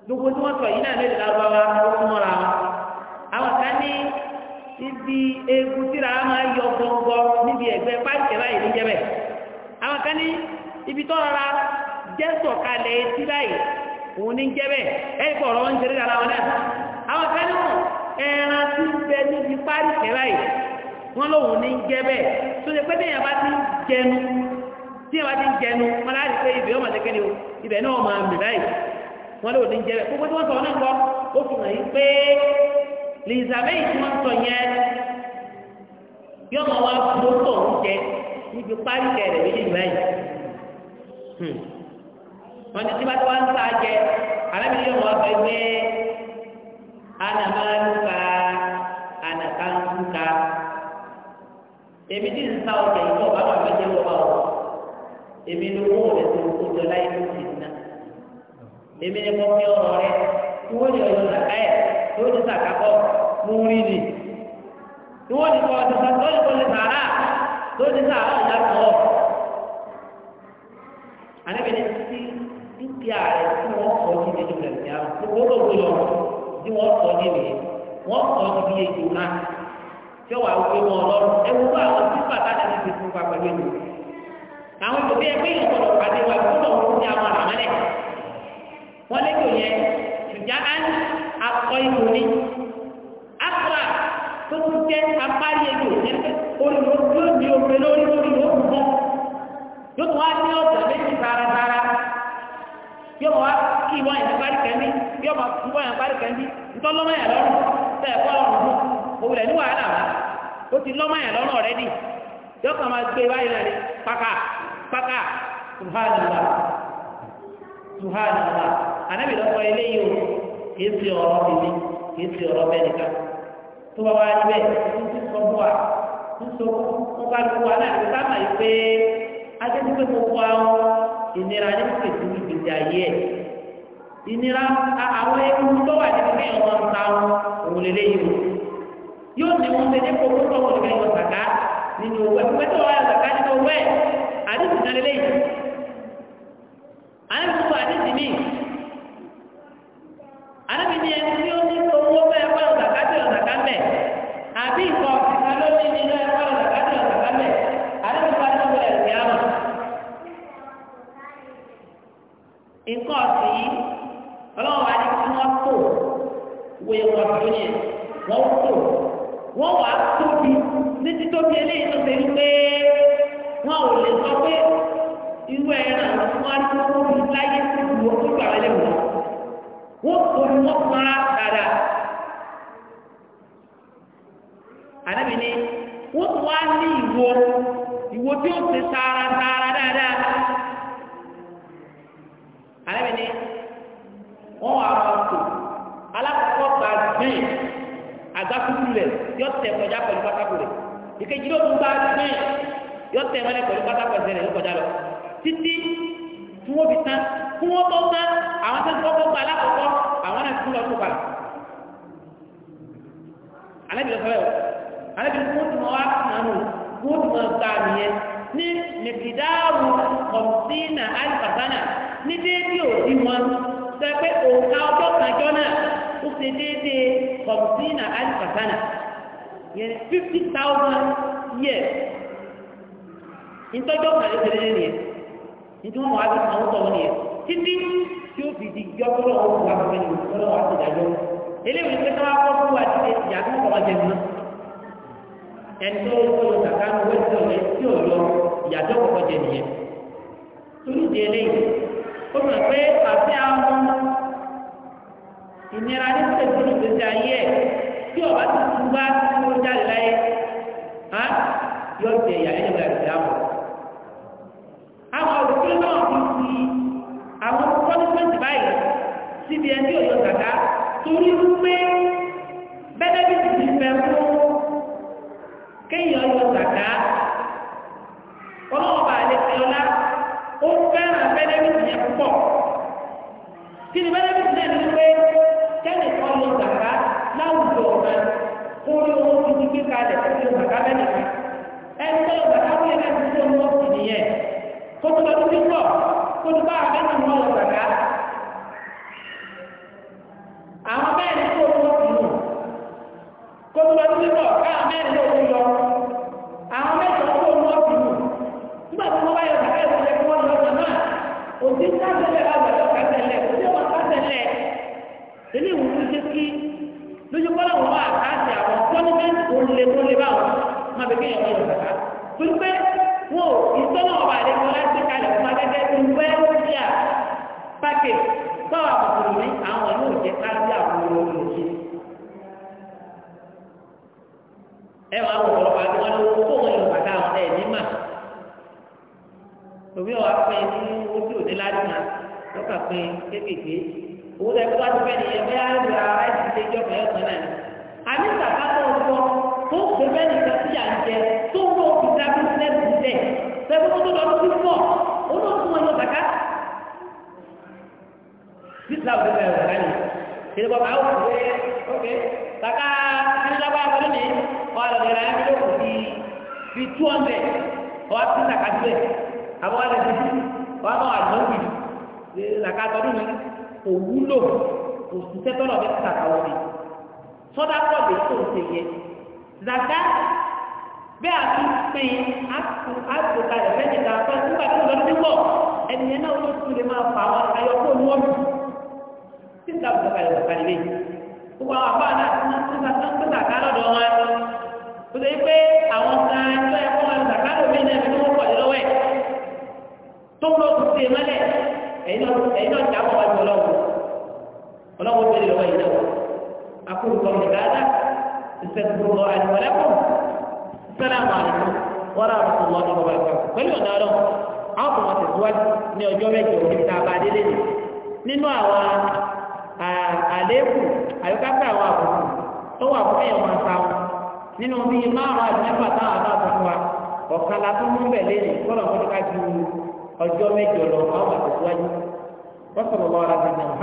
gbogbo tí wọ́n sọ yìí náà lè lárúbáwá ó súnmọ́ra wọn àwọn kan ní ibi egun tíra máa yọ gbọngbọ níbi ẹgbẹ́ pàṣẹ báyìí níjẹ́ bẹ́ẹ̀ àwọn kan ní ibi tó rọra jẹ́ sọ̀kalẹ̀ etí báyìí òun ní jẹ́ bẹ́ẹ̀ ẹ̀ àwọn kan ní wọn ẹran tí ń bẹ níbi parí kẹlá yìí wọn lòun ní jẹ bẹ́ẹ̀ tó ṣe pé téèyàn bá ti ń jẹnu téèyàn bá ti ń jẹnu wọn láti pé ibẹ̀ yóò máa ṣe o ibẹ̀ náà máa mì báyìí wọn lòun ní jẹ bẹ́ẹ̀ gbogbo tí wọn sọ wọn náà gbọ́ ó fi hàn yí pé lìzàbẹ́yì tí wọ́n sọ yẹn yọ ma wá tó tó ń jẹ níbi parí kẹrẹ méjì ana maluka ana kansuka èmi ti ń sa ọjà yìí lọ́ba wà bá jẹ́ lọ́ba ọ̀ èmi ló kó rẹ̀ tó kó jọ láyé ló ti nà èmi ni mo fi ọ̀rọ̀ rẹ̀ tí wọ́n ní ọ̀yọ́ sàkà ẹ̀ tí wọ́n ní sàkà bọ̀ mú rí ni tí wọ́n ní kọ́ ọ̀sẹ̀ sàkà tó ní kọ́ ní sàrà tó ní sàrà ọ̀yà tó ọ̀ àníbi ni ti dúkìá rẹ̀ tí wọ́n kọ́ ní ìdíjú rẹ̀ ní àwọn gbogbo gbogbo yọ̀ tí wọ́n sọ nílé wọ́n sọ níbi ètò náà tí wọ́n wá wípé wọn lọ́rùn ewu bá àwọn tí bàtà náà ti fún wa pẹ̀lú ètò àwọn tòbí ẹgbẹ́ yìí gbọ́dọ̀ pàdé wa gbọ́dọ̀ wọ́n ní àwọn àmọ́lẹ̀ wọ́n lé tó yẹ ṣùjá án akọ ìlú ni akra tó ti jẹ́ apárí ètò ẹgbẹ́ olùdókòwò ní omi lórí lórí lórí mọ́ yóò tún wá ní ọ̀sẹ̀ méjì tààràtààrà yóò máa kí ìbọn yẹn parí kẹ́ndí yóò máa kí ìbọn yẹn parí kẹ́ndí ntọ́lọ́mọ yẹn lọ́rùn tẹ̀ ẹ̀kọ́ lọ́rùn fún òwúlẹ̀ ní wàhálà wa ó ti lọ́mọ yẹn lọ́rùn ọ̀rẹ́dì yóò kàn máa gbé báyìí náà ní pàkà pàkà subhanallah subhanallah anabi lọ́kọ eléyìí o kìí fi ọ̀rọ̀ bìbí kìí fi ọ̀rọ̀ bẹ́ẹ̀ nìkan tó bá wá níbẹ̀ tó ti sọ ìnira ní pèsè ìgbésí ayé ẹ̀ ìnira àwọn ewu tó wà nínú kí ẹ̀wọ̀n ń ta òun lè léyìn o yóò ní wọn ṣe ní kókó tó wọn lè yọ zàká nínú owó ẹ̀ pẹ́tọ́ wọn yọ zàká nínú owó ẹ̀ àdéhùn náà léyìn àdéhùn tó àdéhùn mi àdéhùn mi ẹni tí ó ní owó bẹ́ẹ̀ wọ́n yọ zàká tó yọ zàká mẹ́ àbí ìkọ̀ ìkàlóyìn nínú ẹ̀ wọ́n yọ zàká tó yọ zàká mẹ́ àdéhùn tó àdéhùn nǹkan ọ̀sìn yìí ọlọ́run wa ní kí wọ́n tó wo ìwọ̀n tó yẹ wọ́n tó wọ́n wàá tóbi ní títóbi eléyìí tó ṣe wípé wọn ò lè sọ pé irú ẹran wọn tó tóbi láyé tó ju ojú àwọn ẹlẹ́wọ̀n wọ́n tóbi wọ́n para dada àdàbí ni wọ́n tún wá ní ìwo ìwo tí ó ṣe tààràtààrà dáadáa alẹ́ ní wọ́n wà á tó alákọ̀ọ́ gba gbẹ̀yìn agbákùtù rẹ̀ yọ tẹ̀ kọjá pẹ̀lú pátákó rẹ̀ ìkejì ló tún gba gbẹ̀yìn yọ tẹ̀ mọ́lẹ̀ pẹ̀lú pátákó ẹsẹ̀ rẹ̀ ló kọjá lọ títí tí wọ́n fi tán tí wọ́n tó tán àwọn tó kọ́kọ́ gba alákọ̀ọ́kọ́ àwọn náà tún lọ tó padà alẹ́ bí lọ sọ́yọ̀ alẹ́ bí wọ́n tún wá nànú wọ́n tún gba nìyẹn ní mẹ̀kìdáàrú kọ̀ọ̀sí náà ní déédéé òdi wọn sọ pé òǹkà ọjọ́ kanjọ́ náà ó ṣe déédéé kọ̀mùtínà alifasana yẹn fifty thousand years ntọ́jọ́ kan ló ṣe déédéé nìyẹn nítorí wọn wá bí àwọn tọ̀wọ́ nìyẹn títí tí ó fi di yọkọ́lọ́ òun ni. fún mi lọ́wọ́ àti ìdájọ́ eléyìí pé káwá kọ́ fún wa ti ṣe ìyá tó ń kọ́ ọjọ́ ìmọ̀ ẹni tó ń kọ́ kàkà ń wẹ́sẹ̀ ọ̀rẹ́ tí ò lọ ìyàtọ̀ kọ́kọ́ jẹ nìyẹn torí ìdí eléyìí ó mọ̀ pé àti àwọn ìnira ní sèkú ní gbèsè ayé ẹ̀ tí ọba ti tún bá tó jáde láyé á yọ jẹ ìyá nínú ìgbà ìdáàbò. àwọn òṣèlú náà fi fi àwọn pọ́nífẹ́ǹtì báyìí síbi ẹni òyò kàkà torí wípé bẹ́ẹ̀ bí ti fẹ́ fún kéèyàn yọ kàkà ọlọ́wọ́ bá lè fi ọlá ó fẹ́ràn bẹ́nẹ́fìtì yẹn púpọ̀ kí ni bẹ́nẹ́fìtì náà ní pé kẹ́lẹ̀ kan lọ zàká láwùjọ ọ̀gá kó rí owó títí gbé kalẹ̀ tó lọ zàká bẹ́nẹ́fìtì ẹni tó lọ zàká wọlé láti tó lọ sí nìyẹn kó tó lọ sí pọ̀ kó tó bá àbẹ́nà mọ́ lọ zàká àwọn mẹ́rin tó lọ sí nù kó tó lọ sí pọ̀ káà mẹ́rin tó lọ àwọn mẹ́rin tó lọ sí nù nígbà tó wọ́n bá yọ òbí sátẹlẹ agbàdo kátẹlẹ òbí ọmọ kátẹlẹ ilé ìwòsàn ṣe kí lójú kọ́lá wọn wà káàtì àwọn gọ́ọ̀mẹ́ntì tó lé tó lé báwọn má bẹ kéèyàn wọ́n yọ̀ kàkà torí pé wọn ò ìtọ́nà ọba àdéhùn láti kalẹ̀ fún akẹ́kẹ́ tó ń wẹ́ síà pàkè báwa mùsùlùmí àwọn yóò jẹ káàtì àwọn olóòjì. ẹ wàá wọ̀ ọ̀rọ̀ pàdé wọn lówó kó wọn yọ̀ kàkà òbí ọ̀ apẹ́ ní owó tí ò ní láti nà lọ́kà pé kéékèèké owó tẹ̀ fún wájú bẹ́ẹ̀ ni ẹ̀ bẹ́ẹ̀ á ń ra ẹ̀sì ilé ìjọba ẹ̀ kan náà àmì ìsàkà tó ń sọ tó ń pè bẹ́ẹ̀ nìkan sí à ń jẹ tó ń lọ òkú dá bísíǹnẹ́sì sílẹ̀ sẹ́fún tó lọ sí pọ̀ ó lọ fún wọn lọ bàtà bísíǹnà òkú bẹ́ẹ̀ wọ̀ láyé ìdíbò bá wù pé ókè bàtà kánilábà wọlé ní ọ̀ àlọ́ ìlànà ìlú òkú bíi two hundred ọ̀ àwọn alẹ́ ti dùn wọ́n á bá wà lọ́wọ́ yìí làkà tọdún mi kò wúlò kò sí sẹ́tọ́lọ̀ bẹ́ẹ̀ tàkà wọlé sọ́dà pọ̀ lè tó ṣe yẹ zaka bẹ́ẹ̀ àti pín àtòkà ìfẹ́jì kan fẹ́ nígbà tó lọ sí pọ̀ ẹnìyẹn náà ló tún lè máa fà wọn ayọ̀kọ́ ní wọ́n tí ń dàbò sọ̀kalẹ̀ sọ̀kalẹ̀ lé gbogbo àwọn àbá náà tí wọ́n tún sàkán tó sàká lọ́dọ̀ wọn kò sí pé àwọn kan tó yẹ kó wọn sàká lómi náà fi wọ́n pọ̀ lọ́wọ́ ẹ̀ tó lọ tó ṣe mọ́lẹ̀ ẹ̀yin náà dábọ̀ wá ju ọlọ́wọ́ ọlọ́wọ́ bẹ̀rẹ̀ lọ́wọ́ yìí náà akórúkọ mi dáadáa ìṣẹ́gun lọ àdìmọ́lẹ́kùn sálámù àdìmọ́ wọ́n rà lọ́wọ́ lọ́wọ́ lọ́wọ́ ẹ̀kọ́ pẹ̀lú ọ̀nà ọlọ́wọ́ àwọn kò wọ́n ti ní ọjọ́ mẹ́jọ òní tá a bá délé ni nínú àwọn àléébù àyọkápẹ́ àwọn àbùkù tó wà fún ẹ̀yàn máa ta wọn nínú bíi márùn-ún àti mẹ́fà táwọn àbá àbùkù wa ọ̀kan la tó mú bẹ̀ lé ní kọ́nà ọjọ́ mẹ́jọ lọ àwọn àtẹ̀síwájú wọ́n sọ̀rọ̀ lọ́wọ́ ara